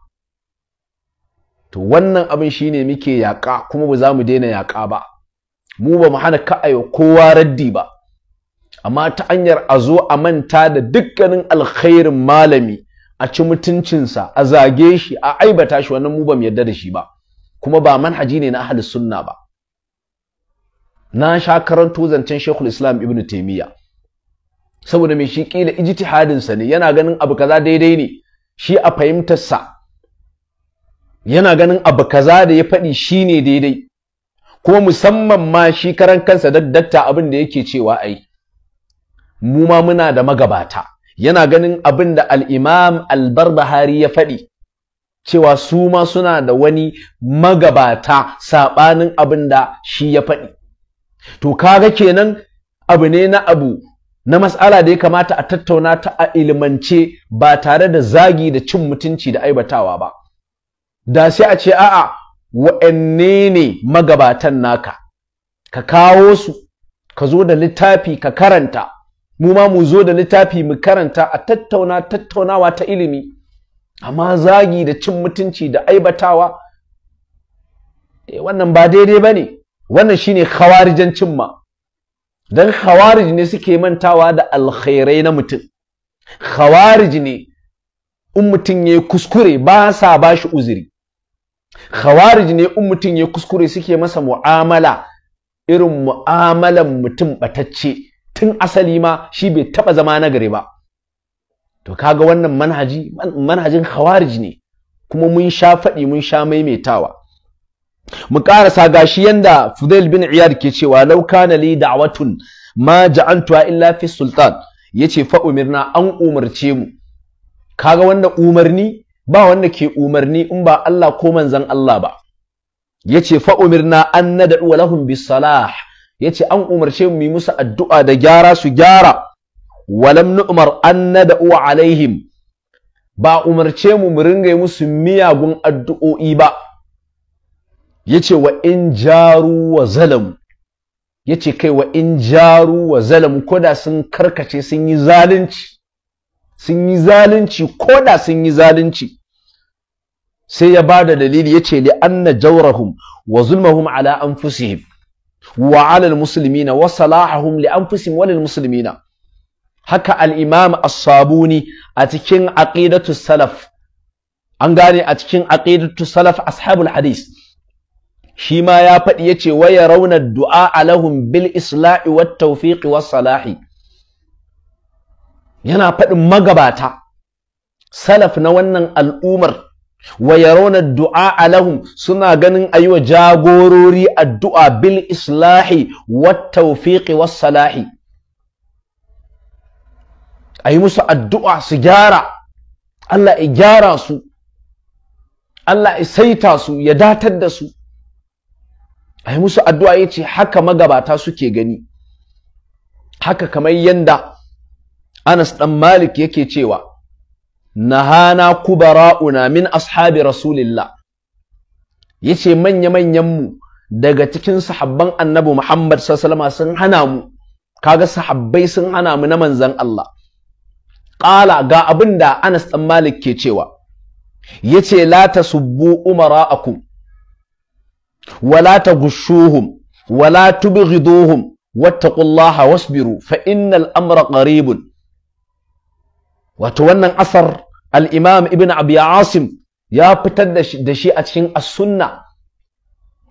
to wannan abin shi ne muke yaƙa kuma ba za mu daina yaƙa ba mu ba mu hana ayo kowa raddi ba amma ta hanyar a zo a manta da dukkanin alkhairin malami a ci mutuncinsa a zage shi a aibata shi wannan mu ba mu yarda da shi ba kuma ba manhaji ne na ahlus sunna ba na sha karanto zancen Sheikhul Islam Ibn saboda mai shi kila ijtihadinsa ne yana ganin abu kaza daidai ne shi a fahimtarsa yana ganin abu kaza da ya faɗi shi ne daidai Ko musamman ma shi karan kansa dakta abin da yake cewa ai mu ma muna da magabata yana ganin abin da al-imam ya faɗi cewa su ma suna da wani magabata saɓanin abin da shi ya faɗi to kaga kenan abu ne na abu na mas'ala da ya kamata a tattauna ta a ilimance ba tare da zagi da cin mutunci da aibatawa ba da sai a ce a'a wa'anne ne magabatan naka ka kawo su ka zo da littafi ka karanta mu ma mu zo da littafi mu karanta a tattauna tattaunawa ta ilimi amma zagi da cin mutunci da aibatawa eh, wannan ba daidai ba ne wannan shine khawarijancin cimma. don khawarij ne suke mantawa da alkhairai na mutum khawarij ne in mutum ya kuskure ba sa ba shi uzuri khawarij ne in mutum ya kuskure suke masa mu'amala irin mu'amalan mutum batacce tun asali ma shi bai taɓa zama na gare ba to kaga wannan manhaji manhajin khawarij ne kuma mun sha faɗi mun sha maimaitawa mu karasa gashi yanda Fudail bin Iyad ke cewa law kana li da'watun ma ja'antuha illa fi sultan yace fa umirna an umarce mu kaga wanda umarni ba wanda ke umarni in ba Allah ko manzan Allah ba yace fa umirna an nad'u lahum bis salah yace an umarce mu yi musu addu'a da gyara su gyara walam nu'mar an nad'u alaihim ba umarce mu mu ringa yi musu miyagun addu'o'i ba ya ce wa in jaru wa zalamu ya ce kai wa in jaru wa zalamu koda sun karkace sun yi zalunci sun yi zalunci koda sun yi zalunci sai ya ba da dalili ya ce li'anna jawrahum wa zulmahum ala anfusihim wa ala almuslimina wa salahahum li anfusihim wa lilmuslimina haka al-imam as-sabuni a cikin aqidatu salaf an gane a cikin aqidatu salaf ashabul hadith shi ma ya faɗi ce wa yarawna du'a alahum bil isla'i wa tawfiqi was salahi yana faɗin magabata salaf na wannan al'umar wa yarawna du'a alahum suna ganin ayiwa jagorori addu'a bil isla'i wa tawfiqi was salahi ayi musu addu'a su gyara Allah ya gyara su Allah ya saita su ya datar da su ayi musu addu'a yace haka magabata suke gani haka kamar yanda anas ɗan malik yake cewa nahana kubara'una min ashabi rasulillah Yace manya-manyan mu daga cikin sahabban annabi muhammad wasallam sun hana mu kaga sahabbai sun hana mu na manzan Allah ƙala ga abinda anas ɗan malik ke cewa Yace la tasubbu umara'akum wala taghshuhum wala tubghiduhum wattaqullaha wasbiru fa innal amra qaribun wato wannan asar al-imam ibn abi ya fitar da shi a cikin as-sunna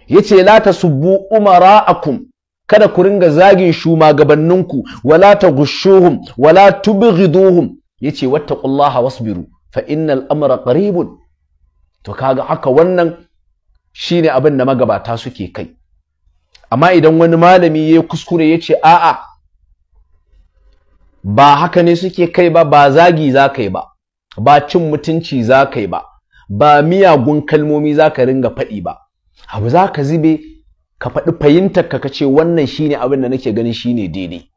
yace la tasubbu umara'akum kada ku ringa zagin shumagabanninku wala taghshuhum wala tubghiduhum yace wattaqullaha wasbiru fa innal amra qaribun to kaga haka wannan Shi ne abin da magabata suke kai amma idan wani malami ya yi kuskure ya ce a'a ba haka ne suke kai ba ba zagi za ka yi ba ba cin mutunci za ka yi ba ba miyagun kalmomi za ka ringa faɗi ba abu za ka zube ka faɗi fahimtar ka ce wannan shi ne abin da nake ganin shi shine daidai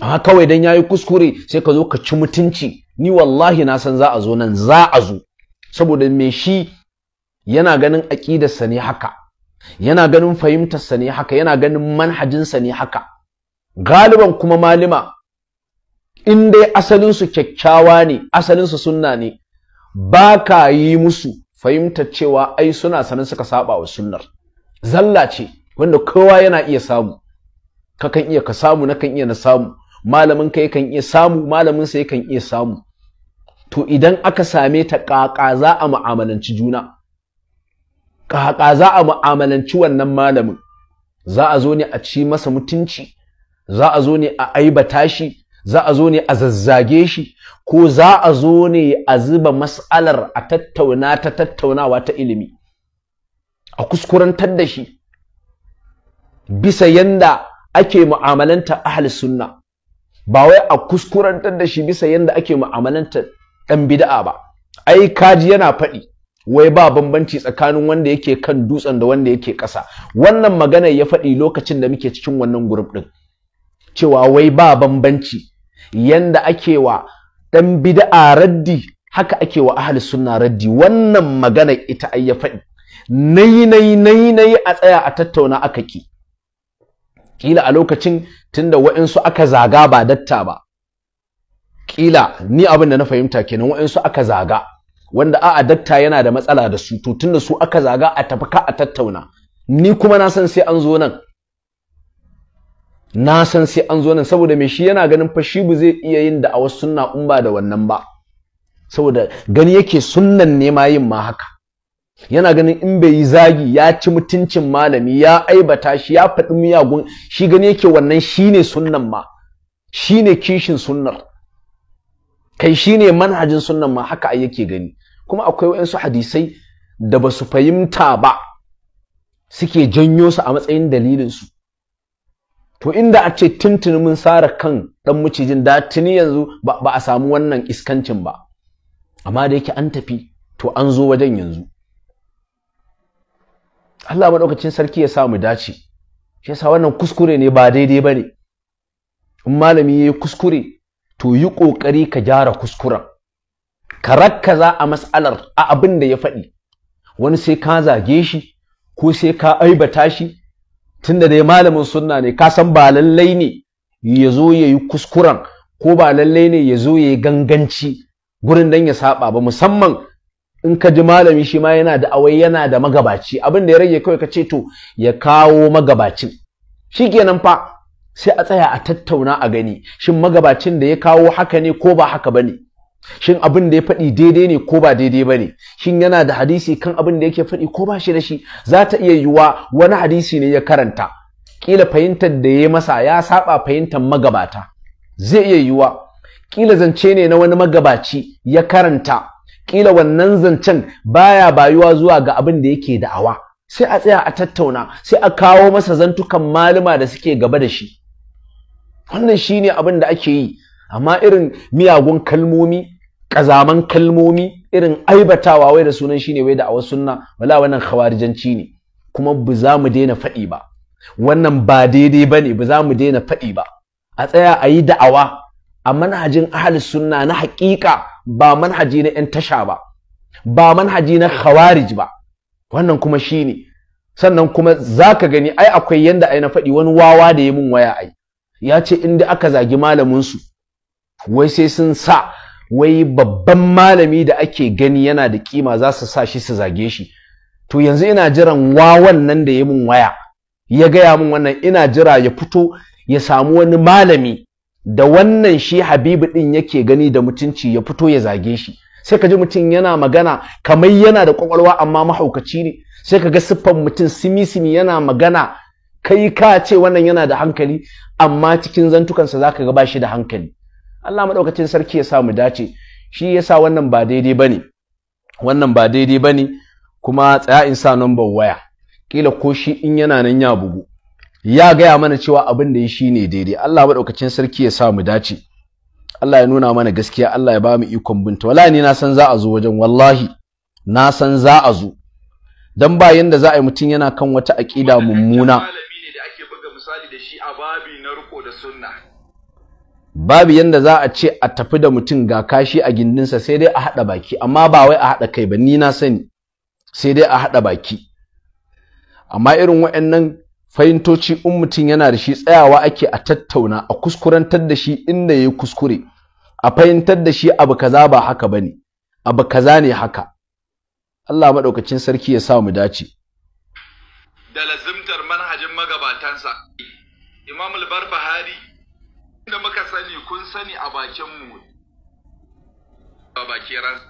amma kawai ya yi kuskure sai ka zo ka ci mutunci ni wallahi na san za a zo nan za a zo saboda me shi yana ganin aƙidarsa ne haka yana ganin fahimtarsa ne haka yana ganin manhajinsa ne haka galiban kuma malima in dai asalinsu kyakkyawa ne asalinsu sunna ne ba ka yi musu fahimtar cewa ai suna sanin suka saba wa sunnar zalla ce wanda kowa yana iya samu kakan iya ka samu na kan iya na samu malamin ka yakan iya samu malamin sa yakan iya samu to idan aka same ta ƙaƙa za a mu'amalanci juna Ka haƙa za a mu'amalanci wannan malamin za a zo ne a ci masa mutunci za a zo ne a aibata shi za a zo ne a zazzage shi ko za a zo ne a zuba mas'alar a tattauna ta tattaunawa ta ilimi a kuskurantar da shi bisa yanda ake mu'amalanta ahal sunna ba wai a kuskurantar da shi bisa yanda ake mu'amalanta ɗan bida'a ba ai kaji yana faɗi wai ba bambanci tsakanin wanda yake kan dutsen da wanda yake ƙasa wannan magana ya faɗi lokacin da muke cikin wannan gurup ɗin cewa wai ba bambanci yanda ake wa ɗan bid'a raddi haka ake wa ahli sunna raddi wannan magana ita ai ya faɗi nayi nayi nayi nayi a tsaya a tattauna aka ki kila a lokacin tunda wa'insu aka zaga ba datta ba Ƙila ni abin da na fahimta kenan wa'insu aka zaga wanda a'a dakta yana da matsala da su to tunda su aka zaga a tafi ka a tattauna ni kuma na san sai an zo nan na san sai an zo nan saboda me shi yana ganin fa shi zai iya yin da a wasu sunna in ba da wannan ba saboda gani yake sunnan ne ma yin ma haka yana ganin in bai yi zagi ya ci mutuncin malami ya aibata shi ya faɗi miyagun shi gani yake wannan shine sunnan ma shine kishin sunnar kai shine manhajin sunnan ma haka ai yake gani kuma akwai waɗansu hadisai da ba su fahimta ba suke janyo su a matsayin dalilinsu to inda a ce tuntuni mun sara kan ɗan macijin da tuni yanzu ba a samu wannan iskancin ba amma da yake an tafi to an zo wajen yanzu Allah maɗaukacin sarki ya sa mu dace shi yasa wannan kuskure ne ba daidai ba ne in malami ya yi kuskure to yi ƙoƙari ka gyara kuskuren ka rakkaza a mas'alar a abin da ya faɗi wani sai ka zage shi ko sai ka aibata shi tunda dai malamin sunna ne ka san ba lallai ne ya zo ya yi kuskuren ko ba lallai ne ya zo ya yi ganganci gurin dan ya saba ba musamman in ka ji malami shi ma yana da awai yana da magabaci abin da ya rage kawai ka ce to ya kawo magabacin shikenan fa sai a tsaya a tattauna a gani shin magabacin da ya kawo haka ne ko ba haka bane shin abin da ya faɗi daidai ne ko ba daidai ba ne shin yana da hadisi kan abin da yake faɗi ko ba shi da shi za ta iya yiwuwa wani hadisi ne ya karanta Ƙila fahimtar da ya masa ya saba fahimtar magabata zai iya yiwuwa Ƙila zance ne na wani magabaci ya karanta Ƙila wannan zancen baya bayuwa zuwa ga abin da yake da'awa sai a tsaya a tattauna sai a kawo masa zantukan malama da suke gaba da shi wannan shine abin da ake yi amma irin miyagun kalmomi ƙazaman kalmomi irin aibatawa wai da sunan shine wai da a sunna wala wannan khawarijanci ne kuma ba za mu daina faɗi ba wannan ba daidai ba ne ba za mu daina faɗi ba a tsaya a yi da'awa a manhajin ahal sunna na haƙiƙa ba manhaji na 'yan tasha ba ba manhaji na khawarij ba wannan kuma shine sannan kuma za ka gani ai akwai yanda ai na faɗi wani wawa da ya mun waya ai ya ce inda aka zagi malaminsu. su wai sai sun sa wai babban malami da ake gani yana da kima za su sa shi su zage shi to yanzu ina jiran wawan nan da ya mun waya ya gaya mun wannan ina jira ya fito ya samu wani malami da wannan shi habibu ɗin yake gani da mutunci ya fito ya zage shi sai ka ji mutum yana magana kamar yana da kwakwalwa amma mahaukaci ne sai ka ga siffan mutum simisimi yana magana kai ka ce wannan yana da hankali amma cikin zantukansa za ka ga ba shi da hankali Allah maɗaukacin sarki ya sa mu dace shi ya sa wannan ba daidai ba ne wannan ba daidai ba ne kuma tsaya in sa number waya Ƙila ko shi in yana nan ya bugu ya gaya mana cewa abin da ya shi ne daidai Allah maɗaukacin sarki ya sa mu dace Allah ya nuna mana gaskiya Allah ya ba mu ikon binta wallahi ne na san za a zo wajen wallahi na san za a zo dan ba yanda za a yi mutum yana kan wata aƙida mummuna ake buga misali a na riko da sunna babu yadda za a ce a tafi da mutum ga kashi a gindinsa sai dai a haɗa baki amma ba wai a haɗa kai ba ni na sani sai dai a haɗa baki amma irin waɗannan fahimtoci in mutum yana da shi tsayawa ake a tattauna a kuskurantar da shi inda ya yi kuskure a fahimtar da shi abu kaza ba haka ba ne abu kaza ne haka Allah maɗaukacin sarki ya sa mu dace da lazimtar manhajin magabatansa imam al da muka sani kun sani a bakinmu a bakin ras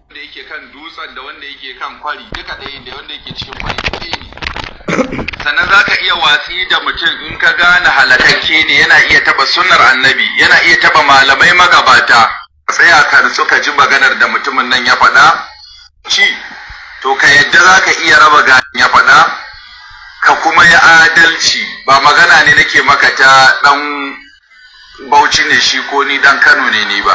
wanda yake kan dutsen da wanda yake kan kwari duka ɗaya da wanda yake cikin kwari ɗaya ne *coughs* sannan za ka iya watsi da mutum in ka gane halakakke ne yana iya taɓa sunar annabi yana iya taɓa malamai magabata tsaya ka suka ji maganar da mutumin nan ya faɗa ci to ka yadda za ka iya raba ganin ya faɗa ka kuma ya adalci ba magana ne nake maka ta ɗan bauchi ne shi ko ni dan kano ne ni ba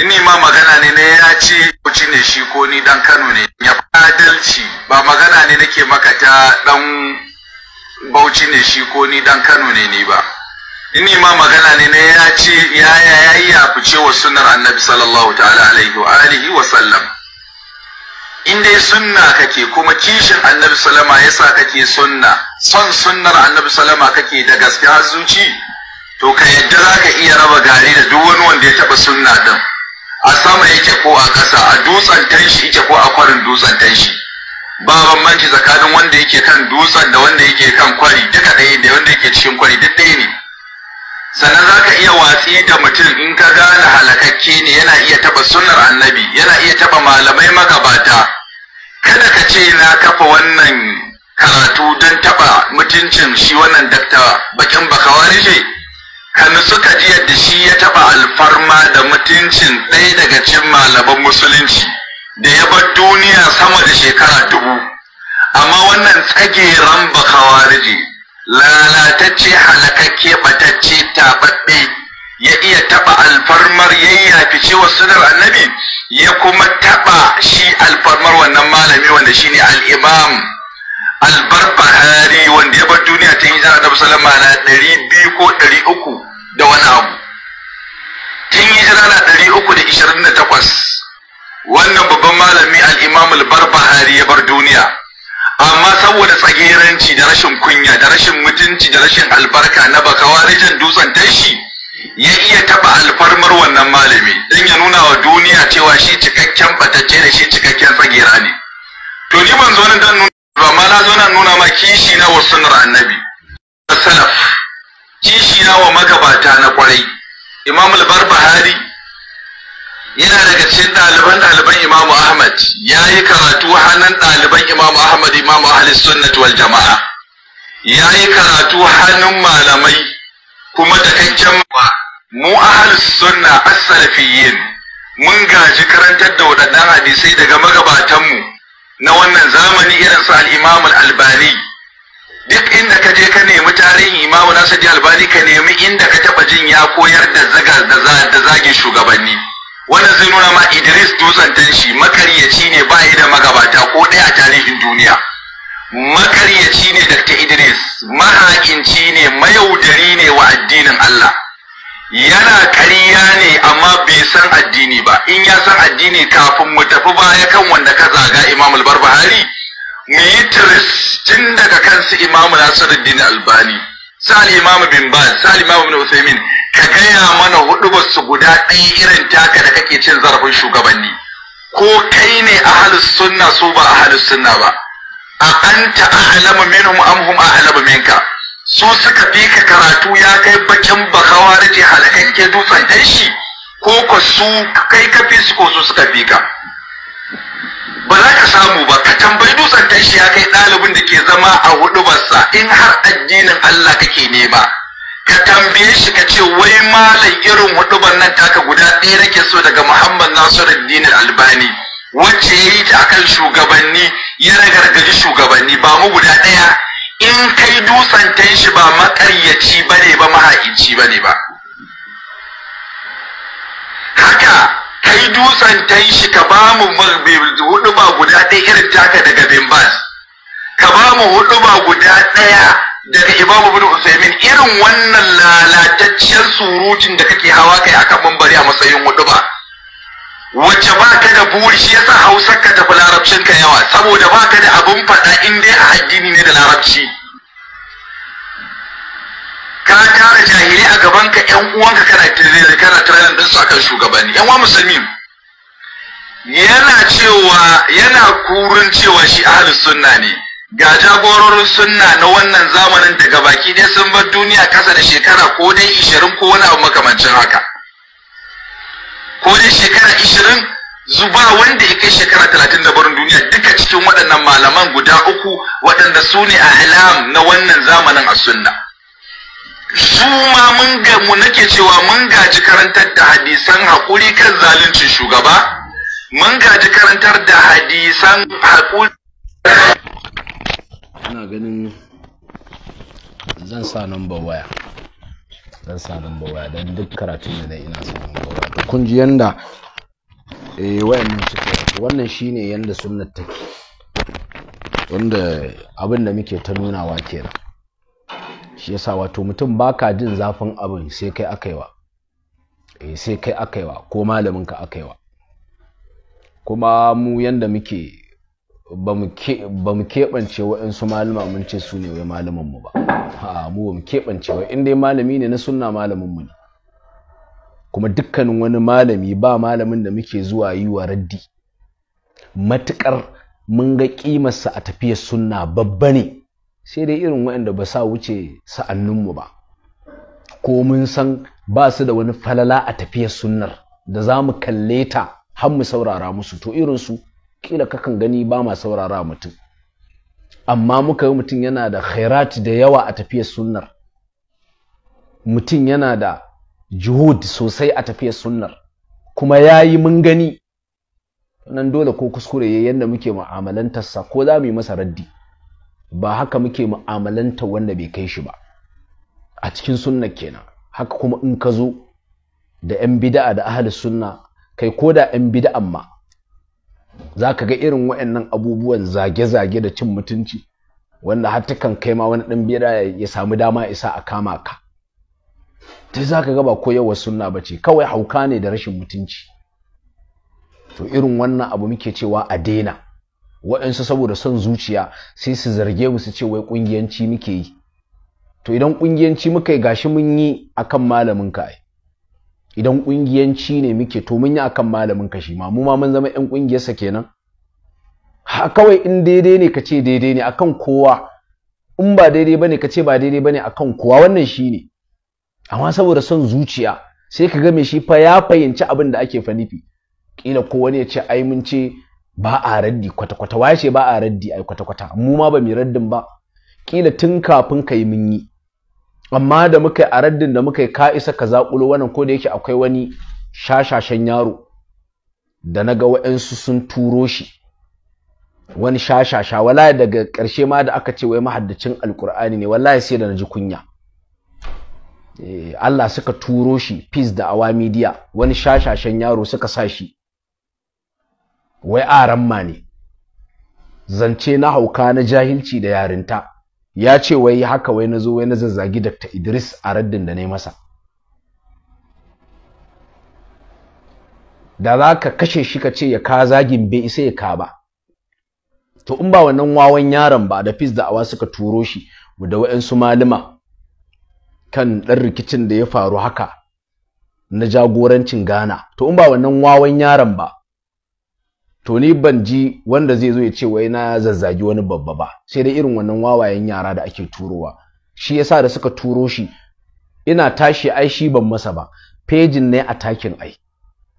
in ni ma magana ne ne ya ce bauchi ne shi ko ni dan kano ne ya adalci ba magana ne nake maka ta dan bauchi ne shi ko ni dan kano ne ni ba in ni ma magana ne ne ya ce ya ya ya ya fice wa sunnar annabi sallallahu ta'ala alaihi wa alihi wa sallam in dai sunna kake kuma kishin annabi sallama yasa kake sunna son sunnar annabi sallama kake da gaskiya zuci to ka yadda za ka iya raba gari da duk wani wanda ya taɓa sunna ɗin a sama yake ko a ƙasa a dutsen tanshi yake ko a kwarin dutsen tanshi ba bambanci tsakanin wanda yake kan dutsen da wanda yake kan kwari duka ɗaya da wanda yake cikin kwari duk ɗaya ne sannan za ka iya watsi da mutum in ka gane halakakke ne yana iya taɓa sunnar annabi yana iya taɓa malamai magabata kada ka ce na kafa wannan karatu don taɓa mutuncin shi wannan dakta bakin bakawa ne hannu suka ji yadda shi ya taɓa alfarma da mutuncin ɗaya daga cikin malaman musulunci da ya bar duniya sama da shekara dubu amma wannan tsageren bakawariji lalatacce halakakke ɓatacce taɓaɓɓe ya iya taɓa alfarmar yayyafi cewa sunar annabi ya kuma taɓa shi alfarmar wannan malami wanda shine al-imam albarbahari wanda ya bar duniya ta hijira da musulma na ɗari biyu ko ɗari uku da wani abu tun yi hijira na ɗari uku da ishirin da takwas wannan babban malami al'imam albarbahari ya bar duniya amma saboda tsageranci da rashin kunya da rashin mutunci da rashin albarka na bakawa warijan dutsen tashi ya iya taba alfarmar wannan malami don ya nuna wa duniya cewa shi cikakken batacce da shi cikakken tsagera ne to ni ban zo nan don to amma na zo nuna ma kishi na wa sunnar annabi salaf kishi na wa magabata na kwarai imam al-barbahari yana daga cikin ɗaliban ɗaliban imam ahmad ya yi karatu hannun ɗaliban imam ahmad imam ahli sunnati wal jama'a ya yi karatu hannun malamai kuma takakken mu ahli sunna as-salafiyyin mun gaji karantar da wadannan hadisai daga magabatanmu na wannan zamani irin su al-Imam albani duk inda ka je ka nemi tarihin Imam na al-Albani ka nemi inda ka taba jin ya koyar da zagar da zagin shugabanni wannan zai nuna ma Idris dutsen tanshi makaryaci ne ba da magabata ko ɗaya a tarihin duniya makaryaci ne Dr. Idris mahaƙinci ne mayaudari ne wa addinin Allah yana karya ne amma bai san addini ba in ya san addini kafin mu tafi baya kan wanda ka zaga imamul barbahari mu yi tun daga kansu imamu nasiruddin albani sal imamu bin baz sal imamu bin usaimin ka gaya mana hudu su guda ɗaya irin taka da kake cin zarafin shugabanni ko kai ne ahalus sunna su ba ahalus sunna ba a anta ahlamu minhum amhum ahlamu minka su suka bi ka karatu ya kai bakin bakawa ce ke dutsen ɗan shi ko ka su kai ka fi su ko su suka bi ka ba za ka samu ba ka tambayi dutsen ɗan shi ya kai ɗalibin da ke zama a huɗubarsa in har addinin Allah kake ba. ka tambaye shi ka ce wai malam irin huɗubar nan taka guda ɗaya nake so daga Muhammad Nasiruddin Albani wacce yayi yi akan shugabanni ya ragargaji shugabanni ba mu guda ɗaya in kai dutsen shi ba makaryaci ne ba mahaici ne ba haka kai dusan shi ka ba mu hudu ba guda ɗaya irin taka daga bimbas ka ba mu hudu ba guda ɗaya daga imamu bin usaimin irin wannan lalataccen surutun da kake hawa kai akan mambari a matsayin hudu ba wacce ba ka da buri shi yasa hausar ka tafi larabcin ka yawa saboda ba ka da abin faɗa in dai a addini ne da larabci ka tara jahilai a gaban ka ƴan uwanka kana kana tarayyar ɗinsu akan shugabanni ƴan uwa musulmi yana cewa yana kurin cewa shi ahli sunna ne ga jagororin sunna na wannan zamanin daga baki dai sun bar duniya kasa da shekara ko dai ishirin ko wani abu makamancin haka ko dai shekara ishirin zuba wanda ya kai shekara talatin da barin duniya duka cikin waɗannan malaman guda uku waɗanda su ne a ilam na wannan zamanin a sunna su ma mun ga mu nake cewa mun gaji karantar da hadisan haƙuri kan zaluncin shugaba mun gaji karantar da hadisan haƙuri ina ganin zan sa number waya zan sa number waya don duk karatun da ina son kun ji yanda eh wayannan suke wannan shine yanda sunnar take wanda abin da muke ta nunawa kenan shi yasa wato mutum baka jin zafin abin sai kai wa eh sai kai wa ko malamin ka wa kuma mu yanda muke ba mu keɓance waɗansu malama mun ce su ne wai malaman mu ba ha mu ba mu keɓance wai in dai malami ne na sunna malamin mu ne kuma dukkanin wani malami ba malamin da muke zuwa yi wa raddi matukar mun ga ƙimarsa a tafiyar sunna babba ne sai dai irin waɗanda ba sa wuce sa'anninmu ba ko mun san ba su da wani falala a tafiyar sunnar da za mu kalle ta har mu saurara musu to irin su kila kakan gani ba ma saurara mutum amma muka yi mutum yana da khairat da yawa a tafiyar sunnar mutum yana da juhud sosai a tafiyar sunnar kuma ya yi mun gani nan dole ko kuskure ya yadda muke mu'amalantarsa ko za mu yi masa raddi ba haka muke mu'amalantar wanda bai kai shi ba a cikin sunna kenan haka kuma in ka zo da 'yan bida'a da ahli sunna kai ko da 'yan bida'an ma za ka ga irin wa'annan abubuwan zage-zage da cin mutunci wanda har kan kai ma wani ɗan bida ya samu dama isa a kama ka ta za ka gaba yawa sunna ba ce kawai hauka ne da rashin mutunci to irin wannan abu muke cewa a daina waɗansu saboda son zuciya sai su zarge mu su ce wai ƙungiyanci muke yi to idan ƙungiyanci muka yi gashi mun yi akan malamin ka ai idan ƙungiyanci ne muke to mun yi akan malamin ka shi ma mu ma mun zama ƴan ƙungiyarsa kenan ha kawai in daidai ne ka ce daidai ne akan kowa in ba daidai bane ka ce ba daidai bane akan kowa wannan shine amma saboda son zuciya sai ka game shi fa ya fahimci abin da ake fanifi Ƙila ko wani ya ce ai mun ce ba a raddi kwata-kwata waye ce ba a raddi ai kwata-kwata mu ma ba mu raddin ba kila tun kafin ka yi mun yi amma da muka yi a raddin da muka yi ka isa ka zaƙulo wannan ko da yake akwai wani shashashen yaro da na ga wa'yansu sun turo shi wani shashasha wala daga ƙarshe ma da aka ce wai mahaddacin alƙur'ani ne wallahi sai da na ji kunya Eh, Allah suka turo shi peace da awa media wani shashashen yaro suka sa shi wai aramma ne zance na hauka na jahilci da yarinta ya ce wai haka wai na zo wai na zazzagi Dr. Idris a raddin da na yi masa da za ka kashe shi ka ce ya ka zagin bai isa ya ka ba to in ba wannan wawan yaron ba da fis da awa suka turo shi mu da wa'yansu maluma kan ɗan rikicin da ya faru haka na jagorancin Ghana to in ba wannan wawan yaron ba to ni ban ji wanda zai zo ya ce wai na zazzagi wani babba ba sai dai irin wannan wawayen yara da ake turowa shi ya sa da suka turo shi ina tashi ai shi ban masa ba Fejin ne a takin ai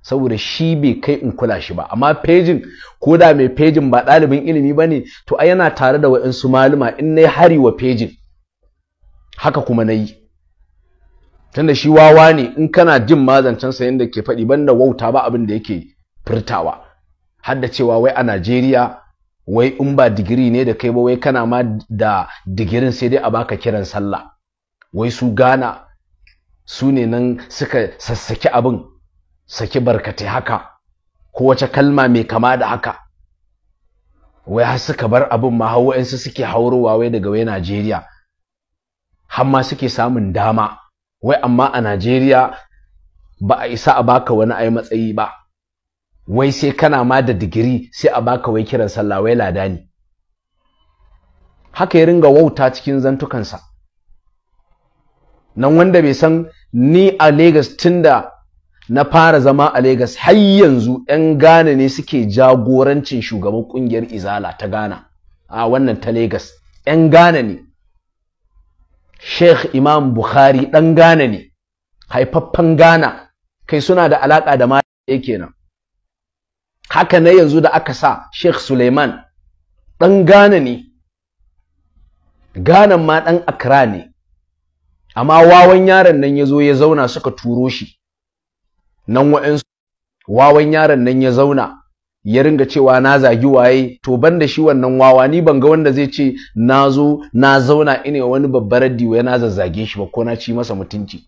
saboda shi bai kai in kula shi ba amma fejin? ko da mai fejin ba ɗalibin ilimi ba ne to ai yana tare da wa'insu maluma in na hari wa fejin. haka kuma na yi tunda shi wawa ne in kana jin mazancansa yadda ke faɗi banda wauta ba abin da yake furtawa har da cewa wai a Najeriya wai in ba digiri ne da kai ba wai kana ma da digirin sai dai a baka kiran sallah wai su gana su ne nan suka sassaki abin saki barkatai haka ko wace kalma mai kama da haka wai har suka bar abin ma har suke haurowa wai daga wai Najeriya har ma suke samun dama wai amma a Najeriya ba a isa a baka wani ai matsayi ba wai sai kana ma da digiri sai a baka wai kiran sallah wai lada haka ya ringa wauta cikin zantukansa nan wanda bai san ni a Legas tunda na fara zama a Legas har yanzu 'yan Ghana ne suke jagorancin shugaban kungiyar Izala ta Ghana a wannan ta Legas 'yan Ghana ne Sheikh Imam Bukhari ɗan Ghana ne, haifaffen Ghana, kai suna da alaƙa da ma kenan. Haka na yanzu da aka sa Sheikh Suleiman ɗan Ghana ne, Ghana ma ɗan Accra ne, amma wawan yaron nan ya zo ya zauna suka turo shi, nan wa'insu wawan yaron nan ya zauna ya ringa cewa na zagi waye to ban da shi wannan wawa ni ban ga wanda zai ce na zo na zauna ina wani babbar raddi waye na zazzage shi ba ko na ci masa mutunci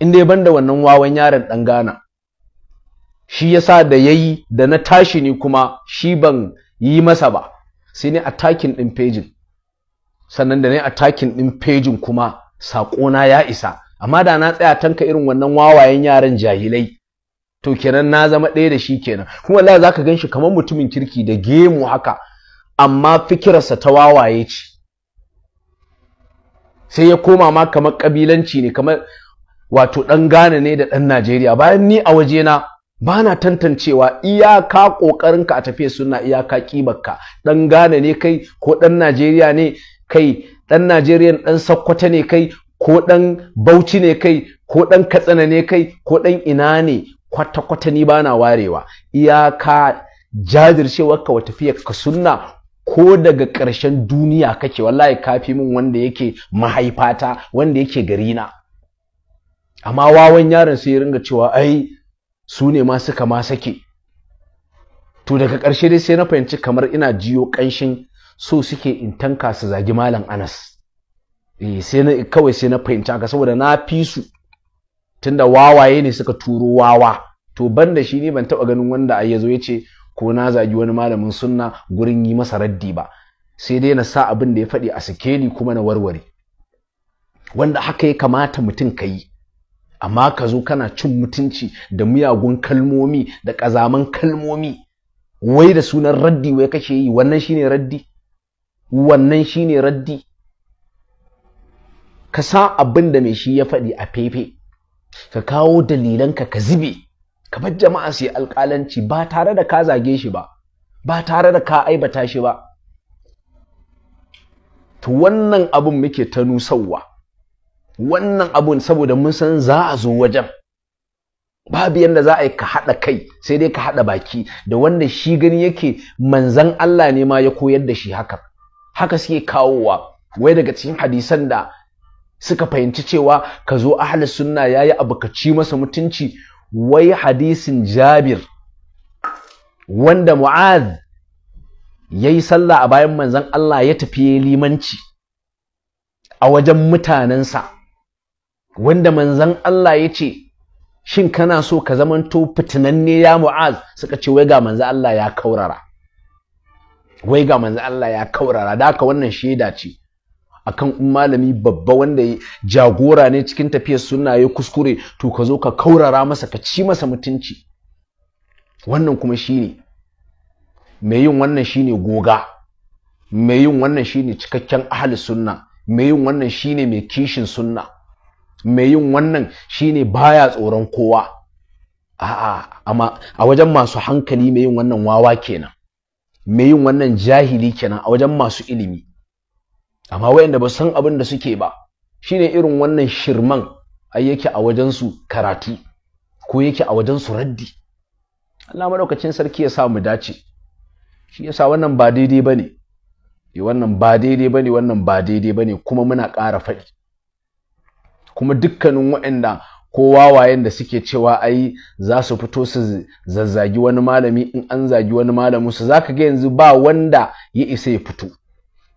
in dai ban da wannan wawan yaran dan gana shi yasa da yayi da na tashi ni kuma shi ban yi masa ba sai ni attacking din pejin sannan da ni attacking din pejin kuma saƙona ya isa amma da na tsaya tanka irin wannan wawayen yaran jahilai to kenan na zama ɗaya da shi kenan kuma wallahi zaka gan shi kamar mutumin kirki da gemu haka amma fikirarsa ta wawaye ce sai ya koma ma kamar kabilanci ne kamar wato ɗan Ghana ne da ɗan Najeriya bayan ni a wajena ba na tantancewa iyaka ƙoƙarinka a tafiya suna iyaka ƙibarka ɗan Ghana ne kai ko ɗan Najeriya ne kai ɗan Najeriya ɗan Sakkwata ne kai ko ɗan Bauchi ne kai ko ɗan Katsina ne kai ko ɗan ina ne kwata-kwata ni bana warewa iyaka jajircewarka wa tafiya ka sunna ko daga ƙarshen duniya kake wallahi kafi min wanda yake mahaifata wanda yake gari na amma wawan yaron sai ya ringa cewa ai su ne ma suka ma sake to daga ƙarshe dai sai na fahimci kamar ina jiyo ƙanshin so suke in tanka su zagi malam anas eh sai na kawai sai na fahimci ka saboda na fi su tunda wawaye ne suka turo wawa to banda shi ne ban taba ganin wanda ai yazo yace ko na zagi wani malamin sunna gurin yi masa raddi ba sai dai na sa abin da ya faɗi a sikeli kuma na warware wanda haka ya kamata mutum ka yi amma ka zo kana cin mutunci da miyagun kalmomi da ƙazaman kalmomi wai da sunan raddi wai kake yi wannan shine raddi wannan shine raddi ka sa abin da mai shi ya faɗi a fefe ka kawo dalilanka ka zibe. ka bar jama'a su yi alƙalanci ba tare da ka zage shi ba ba tare da ka aibata shi ba to wannan abun muke ta nusarwa wannan abun saboda mun san za a zo wajen babu yadda za a yi ka haɗa kai sai dai ka haɗa baki da wanda shi gani yake manzan Allah ne ma ya koyar da shi haka haka suke kawowa wai daga cikin hadisan da suka fahimci cewa ka zo ahli sunna yayi abu ka ci masa mutunci wai hadisin Jabir wanda Mu'ad ya yi sallah a bayan manzan Allah ya tafi limanci a wajen mutanensa wanda manzan Allah ya ce shin kana so ka zamanto fitinanne ya Mu'az suka ce wai ga manzan Allah ya kaurara wai ga manzan Allah ya kaurara da haka wannan shaida ce akan in malami babba wanda ya jagora ne cikin tafiyar sunna ya kuskure to ka zo ka kaurara masa ka ci masa mutunci wannan kuma shine Me yin wannan shine goga Me yin wannan shine cikakken ahli sunna Me yin wannan shine mai kishin sunna Me yin wannan shine baya tsoron kowa a'a amma a wajen masu hankali me yin wannan wawa kenan Me yin wannan jahili kenan a wajen masu ilimi amma wayanda ba san abin da suke ba shine irin wannan shirman ai yake a wajen su karatu ko yake a wajen su raddi Allah madaukakin sarki ya sa mu dace shi yasa wannan ba daidai bane eh, wannan ba daidai bane wannan ba daidai bane kuma muna ƙara faɗi kuma dukkanin waɗanda ko wawayen da suke cewa ai za su fito su zazzagi wani malami in an zagi wani malamin su zaka ga yanzu ba wanda ya isa ya fito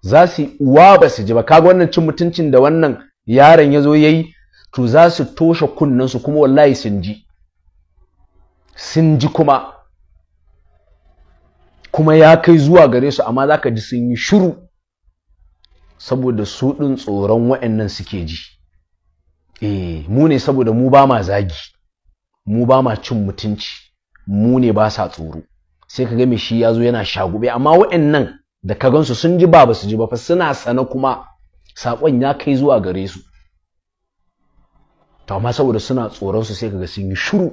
za su uwa ba su ji ba kaga wannan cin mutuncin da wannan yaron ya zo ya yi to za su toshe kunnensu kuma wallahi sun ji sun ji kuma kuma ya kai zuwa gare su amma za ka ji sun yi shuru saboda su ɗin tsoron wa'annan suke ji eh mu ne saboda mu ba ma zagi mu ba ma cin mutunci mu ne ba sa tsoro sai ka ga mai shi ya zo yana shagube amma wa'annan da ka gansu sun ji ba ba su ji ba fa suna sana kuma sakon ya kai zuwa gare su to amma saboda suna tsoron su sai kaga sun yi shiru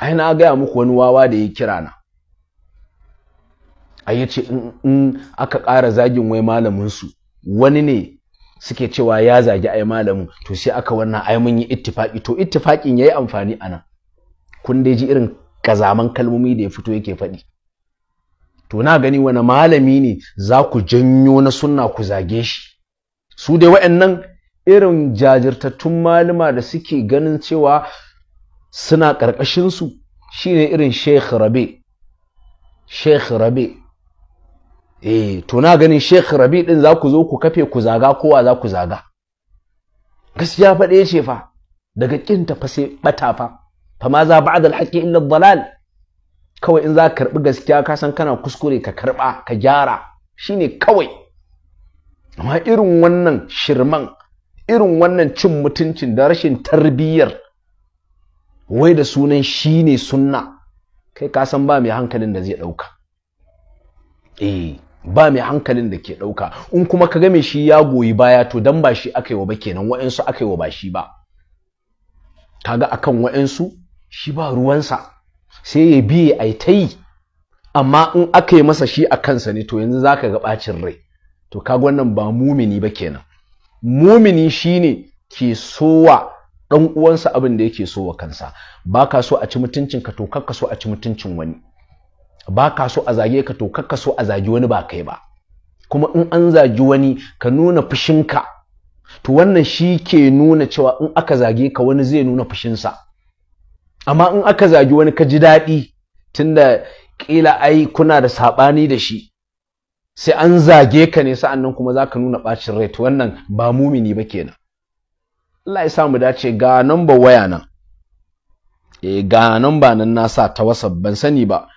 ai na gaya muku wani wawa da ya kira na ai yace in aka ƙara zagin wai malamin su wani ne suke cewa ya zagi ai malamin to sai aka wannan ai mun yi ittifaki to ittifakin yayi amfani anan kun dai ji irin kazaman kalmomi da ya fito yake faɗi to na gani wani malami ne za ku janyo na sunna ku zage shi su dai wa'annan irin jajirtattun malama da suke ganin cewa suna ƙarƙashinsu shine irin sheikh rabe sheikh rabe eh to na ganin sheikh rabe din za ku zo ku kafe ku zaga kowa za ku zaga gaskiya faɗe ce fa daga ƙinta fa sai ɓata fa fa ma za ba'da al-haqqi illa dalal kawai in za ka karɓi gaskiya ka san kana kuskure ka karɓa ka gyara shine kawai amma irin wannan shirman irin wannan cin mutuncin da rashin tarbiyyar wai da sunan shine sunna kai ka san ba mai hankalin da zai ɗauka eh ba mai hankalin da ke ɗauka in kuma ka game shi ya goyi baya to dan ba shi aka yi wa ba kenan wa'ansu aka yi wa ba shi ba kaga akan wa'yansu shi ba ruwansa sai ya biye a ta yi amma in aka yi masa shi a kansa ne to yanzu zaka ga bacin rai to kaga wannan ba mumini ba kenan mumini shine ke sowa ɗan uwansa abin da yake so wa kansa ba ka so a ci mutuncin ka to kakka so a ci mutuncin wani ba ka so a zage ka to kakka so a zage wani ba kai ba kuma in an zagi wani ka nuna fushinka to wannan shi ke nuna cewa in aka zage ka wani zai nuna fushinsa amma in aka zagi wani ka ji daɗi tunda kila ai kuna da saɓani da shi sai an zage ka ne sa'an kuma za ka nuna ɓacin rai wannan ba mumini ba kenan Allah ya sa mu dace ga number waya nan eh ga number nan na sa ta WhatsApp ban sani ba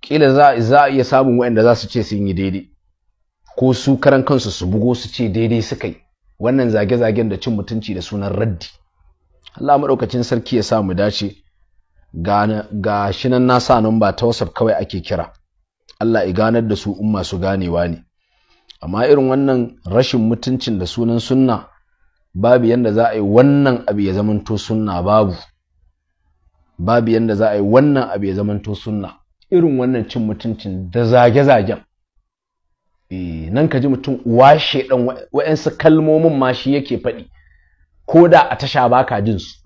kila za za iya samun waɗanda za su ce sun yi daidai ko su karan kansu su bugo su ce daidai suka yi wannan zage-zagen da cin mutunci da sunan raddi Allah maɗaukacin sarki ya sa mu dace ga shi nan na sa nan ba ta wasaf kawai ake kira Allah i ganar da su in masu ganewa ne amma irin wannan rashin mutuncin da sunan sunna babu yanda za a yi wannan abu ya zamanto sunna babu babu yanda za a yi wannan abu ya zamanto sunna irin wannan cin mutuncin da zage-zagen eh, nan ka ji mutum washe ɗan wa'yansu kalmomin ma shi yake faɗi ko da a tasha baka jin su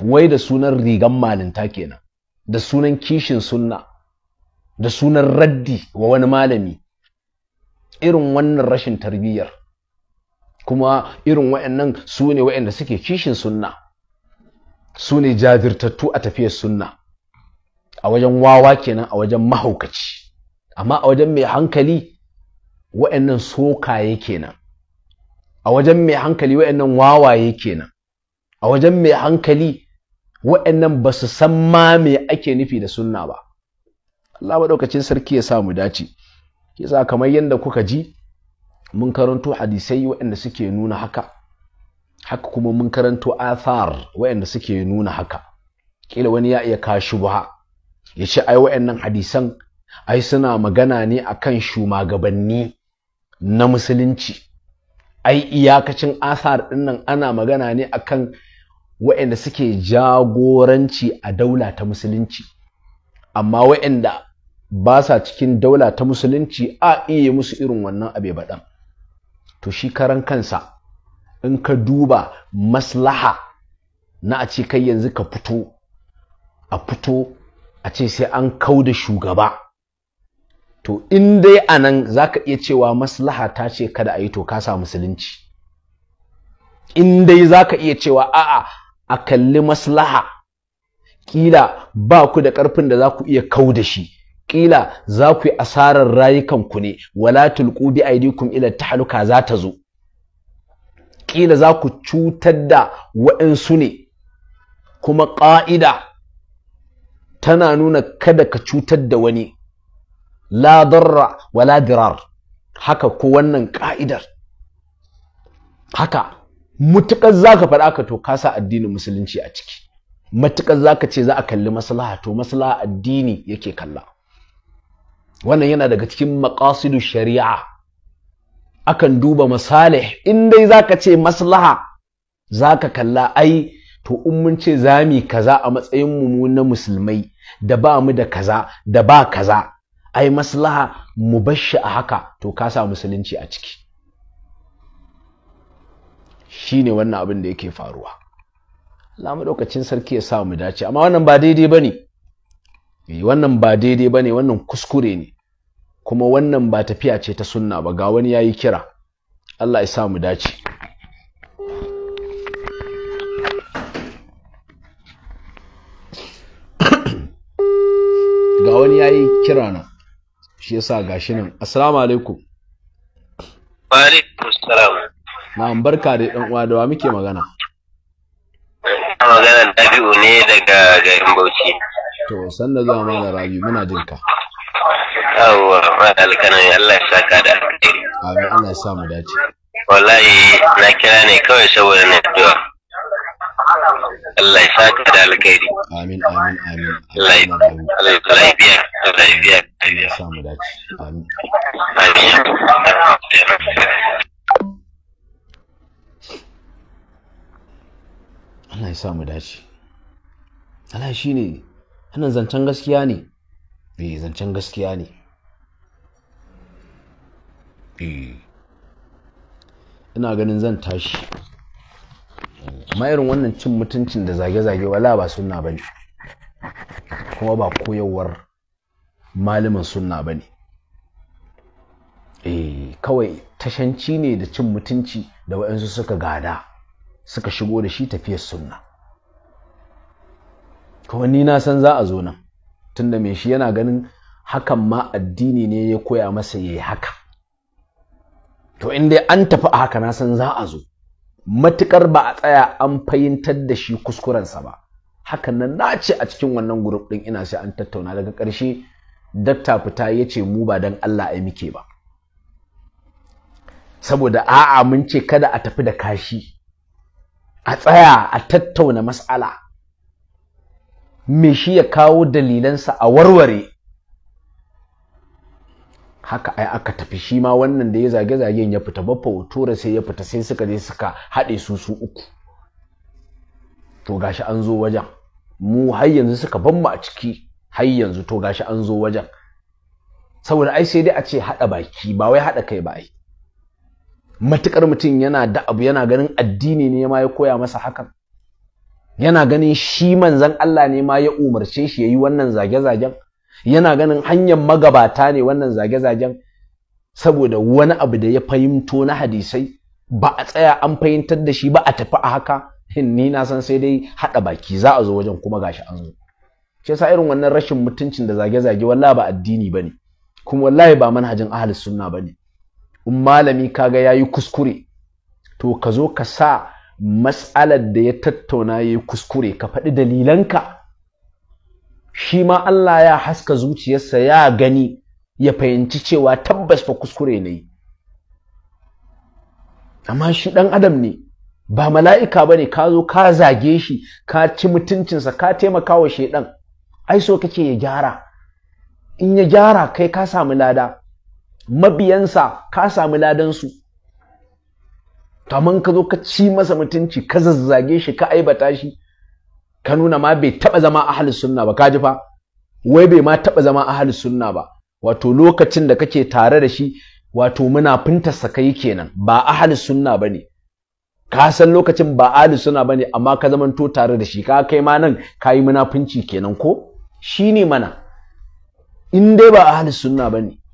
wai da sunan rigan malinta kenan da sunan kishin sunna da sunan raddi wa wani malami irin wannan rashin tarbiyyar kuma irin wa'annan su ne wa'anda suke kishin sunna su ne jajirtattu a tafiyar sunna a wajen wawa kenan a wajen mahaukaci amma a wajen mai hankali wa'annan sokaye kenan a wajen mai hankali wa'annan wawaye kenan a wajen mai hankali wa'annan ba su san ma me ake nufi da sunna ba Allah maɗaukacin sarki ya sa mu dace yasa kamar yadda kuka ji mun karanto hadisai wa'anda suke nuna haka haka kuma mun karanto athar wa'anda suke nuna haka kila wani ya iya kashi ba ya ce ai wa'annan hadisan ai suna magana ne akan shumagabanni na musulunci ai iyakacin athar ɗinnan ana magana ne akan waɗanda suke jagoranci a daula ta musulunci amma waɗanda ba sa cikin daula ta musulunci a iya musu irin wannan abe baɗan to shi karan kansa in ka duba maslaha na a ce kai yanzu ka fito a fito a ce sai an kau da shugaba to in dai a nan za ka iya cewa maslaha ta ce kada a yi to ka sa musulunci in dai za ka iya cewa a'a a kalli maslaha kila ba ku da ƙarfin da za ku iya kau da shi kila za ku yi asarar rayukanku ne wala tulqu bi aidikum ila tahluka za ta zo kila za ku cutar da waɗansu ne kuma ƙa'ida tana nuna kada ka cutar da wani la darra wala dirar haka ko wannan ƙa'idar haka mutukar ka faɗa ka to ka sa addinin musulunci a ciki matukar ka ce za a kalli maslaha to maslaha addini yake kalla wannan yana daga cikin maqasidu shari'a akan duba masalih in dai ka ce maslaha za ka kalla ai to in mun ce za mu kaza a matsayin mu na musulmai da ba mu da kaza da ba kaza ai maslaha mu bar a haka to ka sa musulunci a ciki Shi ne wannan abin da yake faruwa Allah lokacin sarki ya sa mu dace amma wannan ba daidai ba ne eh, wannan ba daidai ba ne wannan kuskure ne kuma wannan ba tafiya ce ta sunna ba ga wani ya yi kira Allah ya sa mu dace *coughs* ga wani ya yi kira na, shi ya sa ga shi nan assalamu alaikum wa alaikum assalam Na'am barka da ɗan uwa da wa muke magana. magana Rabi'u ne daga garin Bauchi. To za zama na Rabi muna jin ka. Yawwa ma alkanan Allah ya saka da alkhairi. Amin Allah ya sa mu dace. Wallahi na kira ne kawai saboda na addu'a. Allah ya saka da alkhairi. Amin amin amin. Allah ya Allah ya Allah ya biya Allah ya biya. Allah ya sa mu dace. Amin. Amin. Allah ya sa mu dace Allah shi ne hannun zancen gaskiya ne eh, zancen gaskiya ne eh, ina ganin zan tashi amma wannan cin mutuncin da zage-zage wala ba sunna bane kuma ba koyarwar malamin sunna bane eh kawai tashanci ne da cin mutunci da waɗansu suka gada suka shigo da shi tafiyar sunna kuma ni na san za a zo nan tunda me shi yana ganin hakan ma addini ne ya koya masa yayi haka to in dai an tafi a haka na san za a zo matukar ba a tsaya an fahimtar da shi kuskurensa ba hakan nan na ce a cikin wannan gurup din ina sai an tattauna daga ƙarshe dakta fita ya ce mu ba dan Allah ai muke ba saboda a'a mun ce kada a tafi da kashi a tsaya a tattauna mas'ala me shi ya kawo dalilansa a warware haka ai aka tafi shi ma wannan da ya zage-zagen ya fita baffa tura sai ya fita sai suka je suka haɗe su su uku to gashi an zo wajen mu har yanzu suka ban mu a ciki har yanzu to gashi an zo wajen saboda ai sai dai a ce haɗa baki ba wai haɗa kai ba ai matukar mutum yana da abu yana ganin addini ne ma ya koya masa hakan yana ganin shi manzan Allah ne ma ya umarce shi ya yi wannan zage-zagen yana ganin hanyar magabata ne wannan zage-zagen saboda wani abu da ya fahimto na hadisai ba a tsaya an fahimtar da shi ba a tafi a haka ni na san sai dai haɗa baki za a zo wajen kuma gashi an zo shi yasa irin wannan rashin mutuncin da zage-zage wallahi ba addini bane kuma wallahi ba manhajin ahlus sunna bane in malami kaga ya yi kuskure to ka zo ka sa matsalar da ya tattauna ya yi kuskure ka faɗi dalilanka shi ma Allah ya haska zuciyarsa ya gani ya fahimci cewa tabbas fa kuskure ne amma shi ɗan adam ne ba mala'ika ba ne ka zo ka zage shi ka ci mutuncinsa ka taimaka wa shaidan ai so kake ya gyara in ya gyara kai ka samu lada mabiyansa ka samu ladansu kamar ka zo ka ci masa mutunci ka zazzage shi ka aibata shi ka nuna ma bai taɓa zama ahli sunna ba ka fa wai bai ma taɓa zama ahli sunna ba wato lokacin da kake tare da shi wato munafintarsa kai kenan ba ahli sunna ba ne ka san lokacin ba ahli sunna ba ne amma ka zamanto tare da shi ka kai ma nan ka yi munafunci kenan ko shi ne mana in dai ba ahli sunna ba ne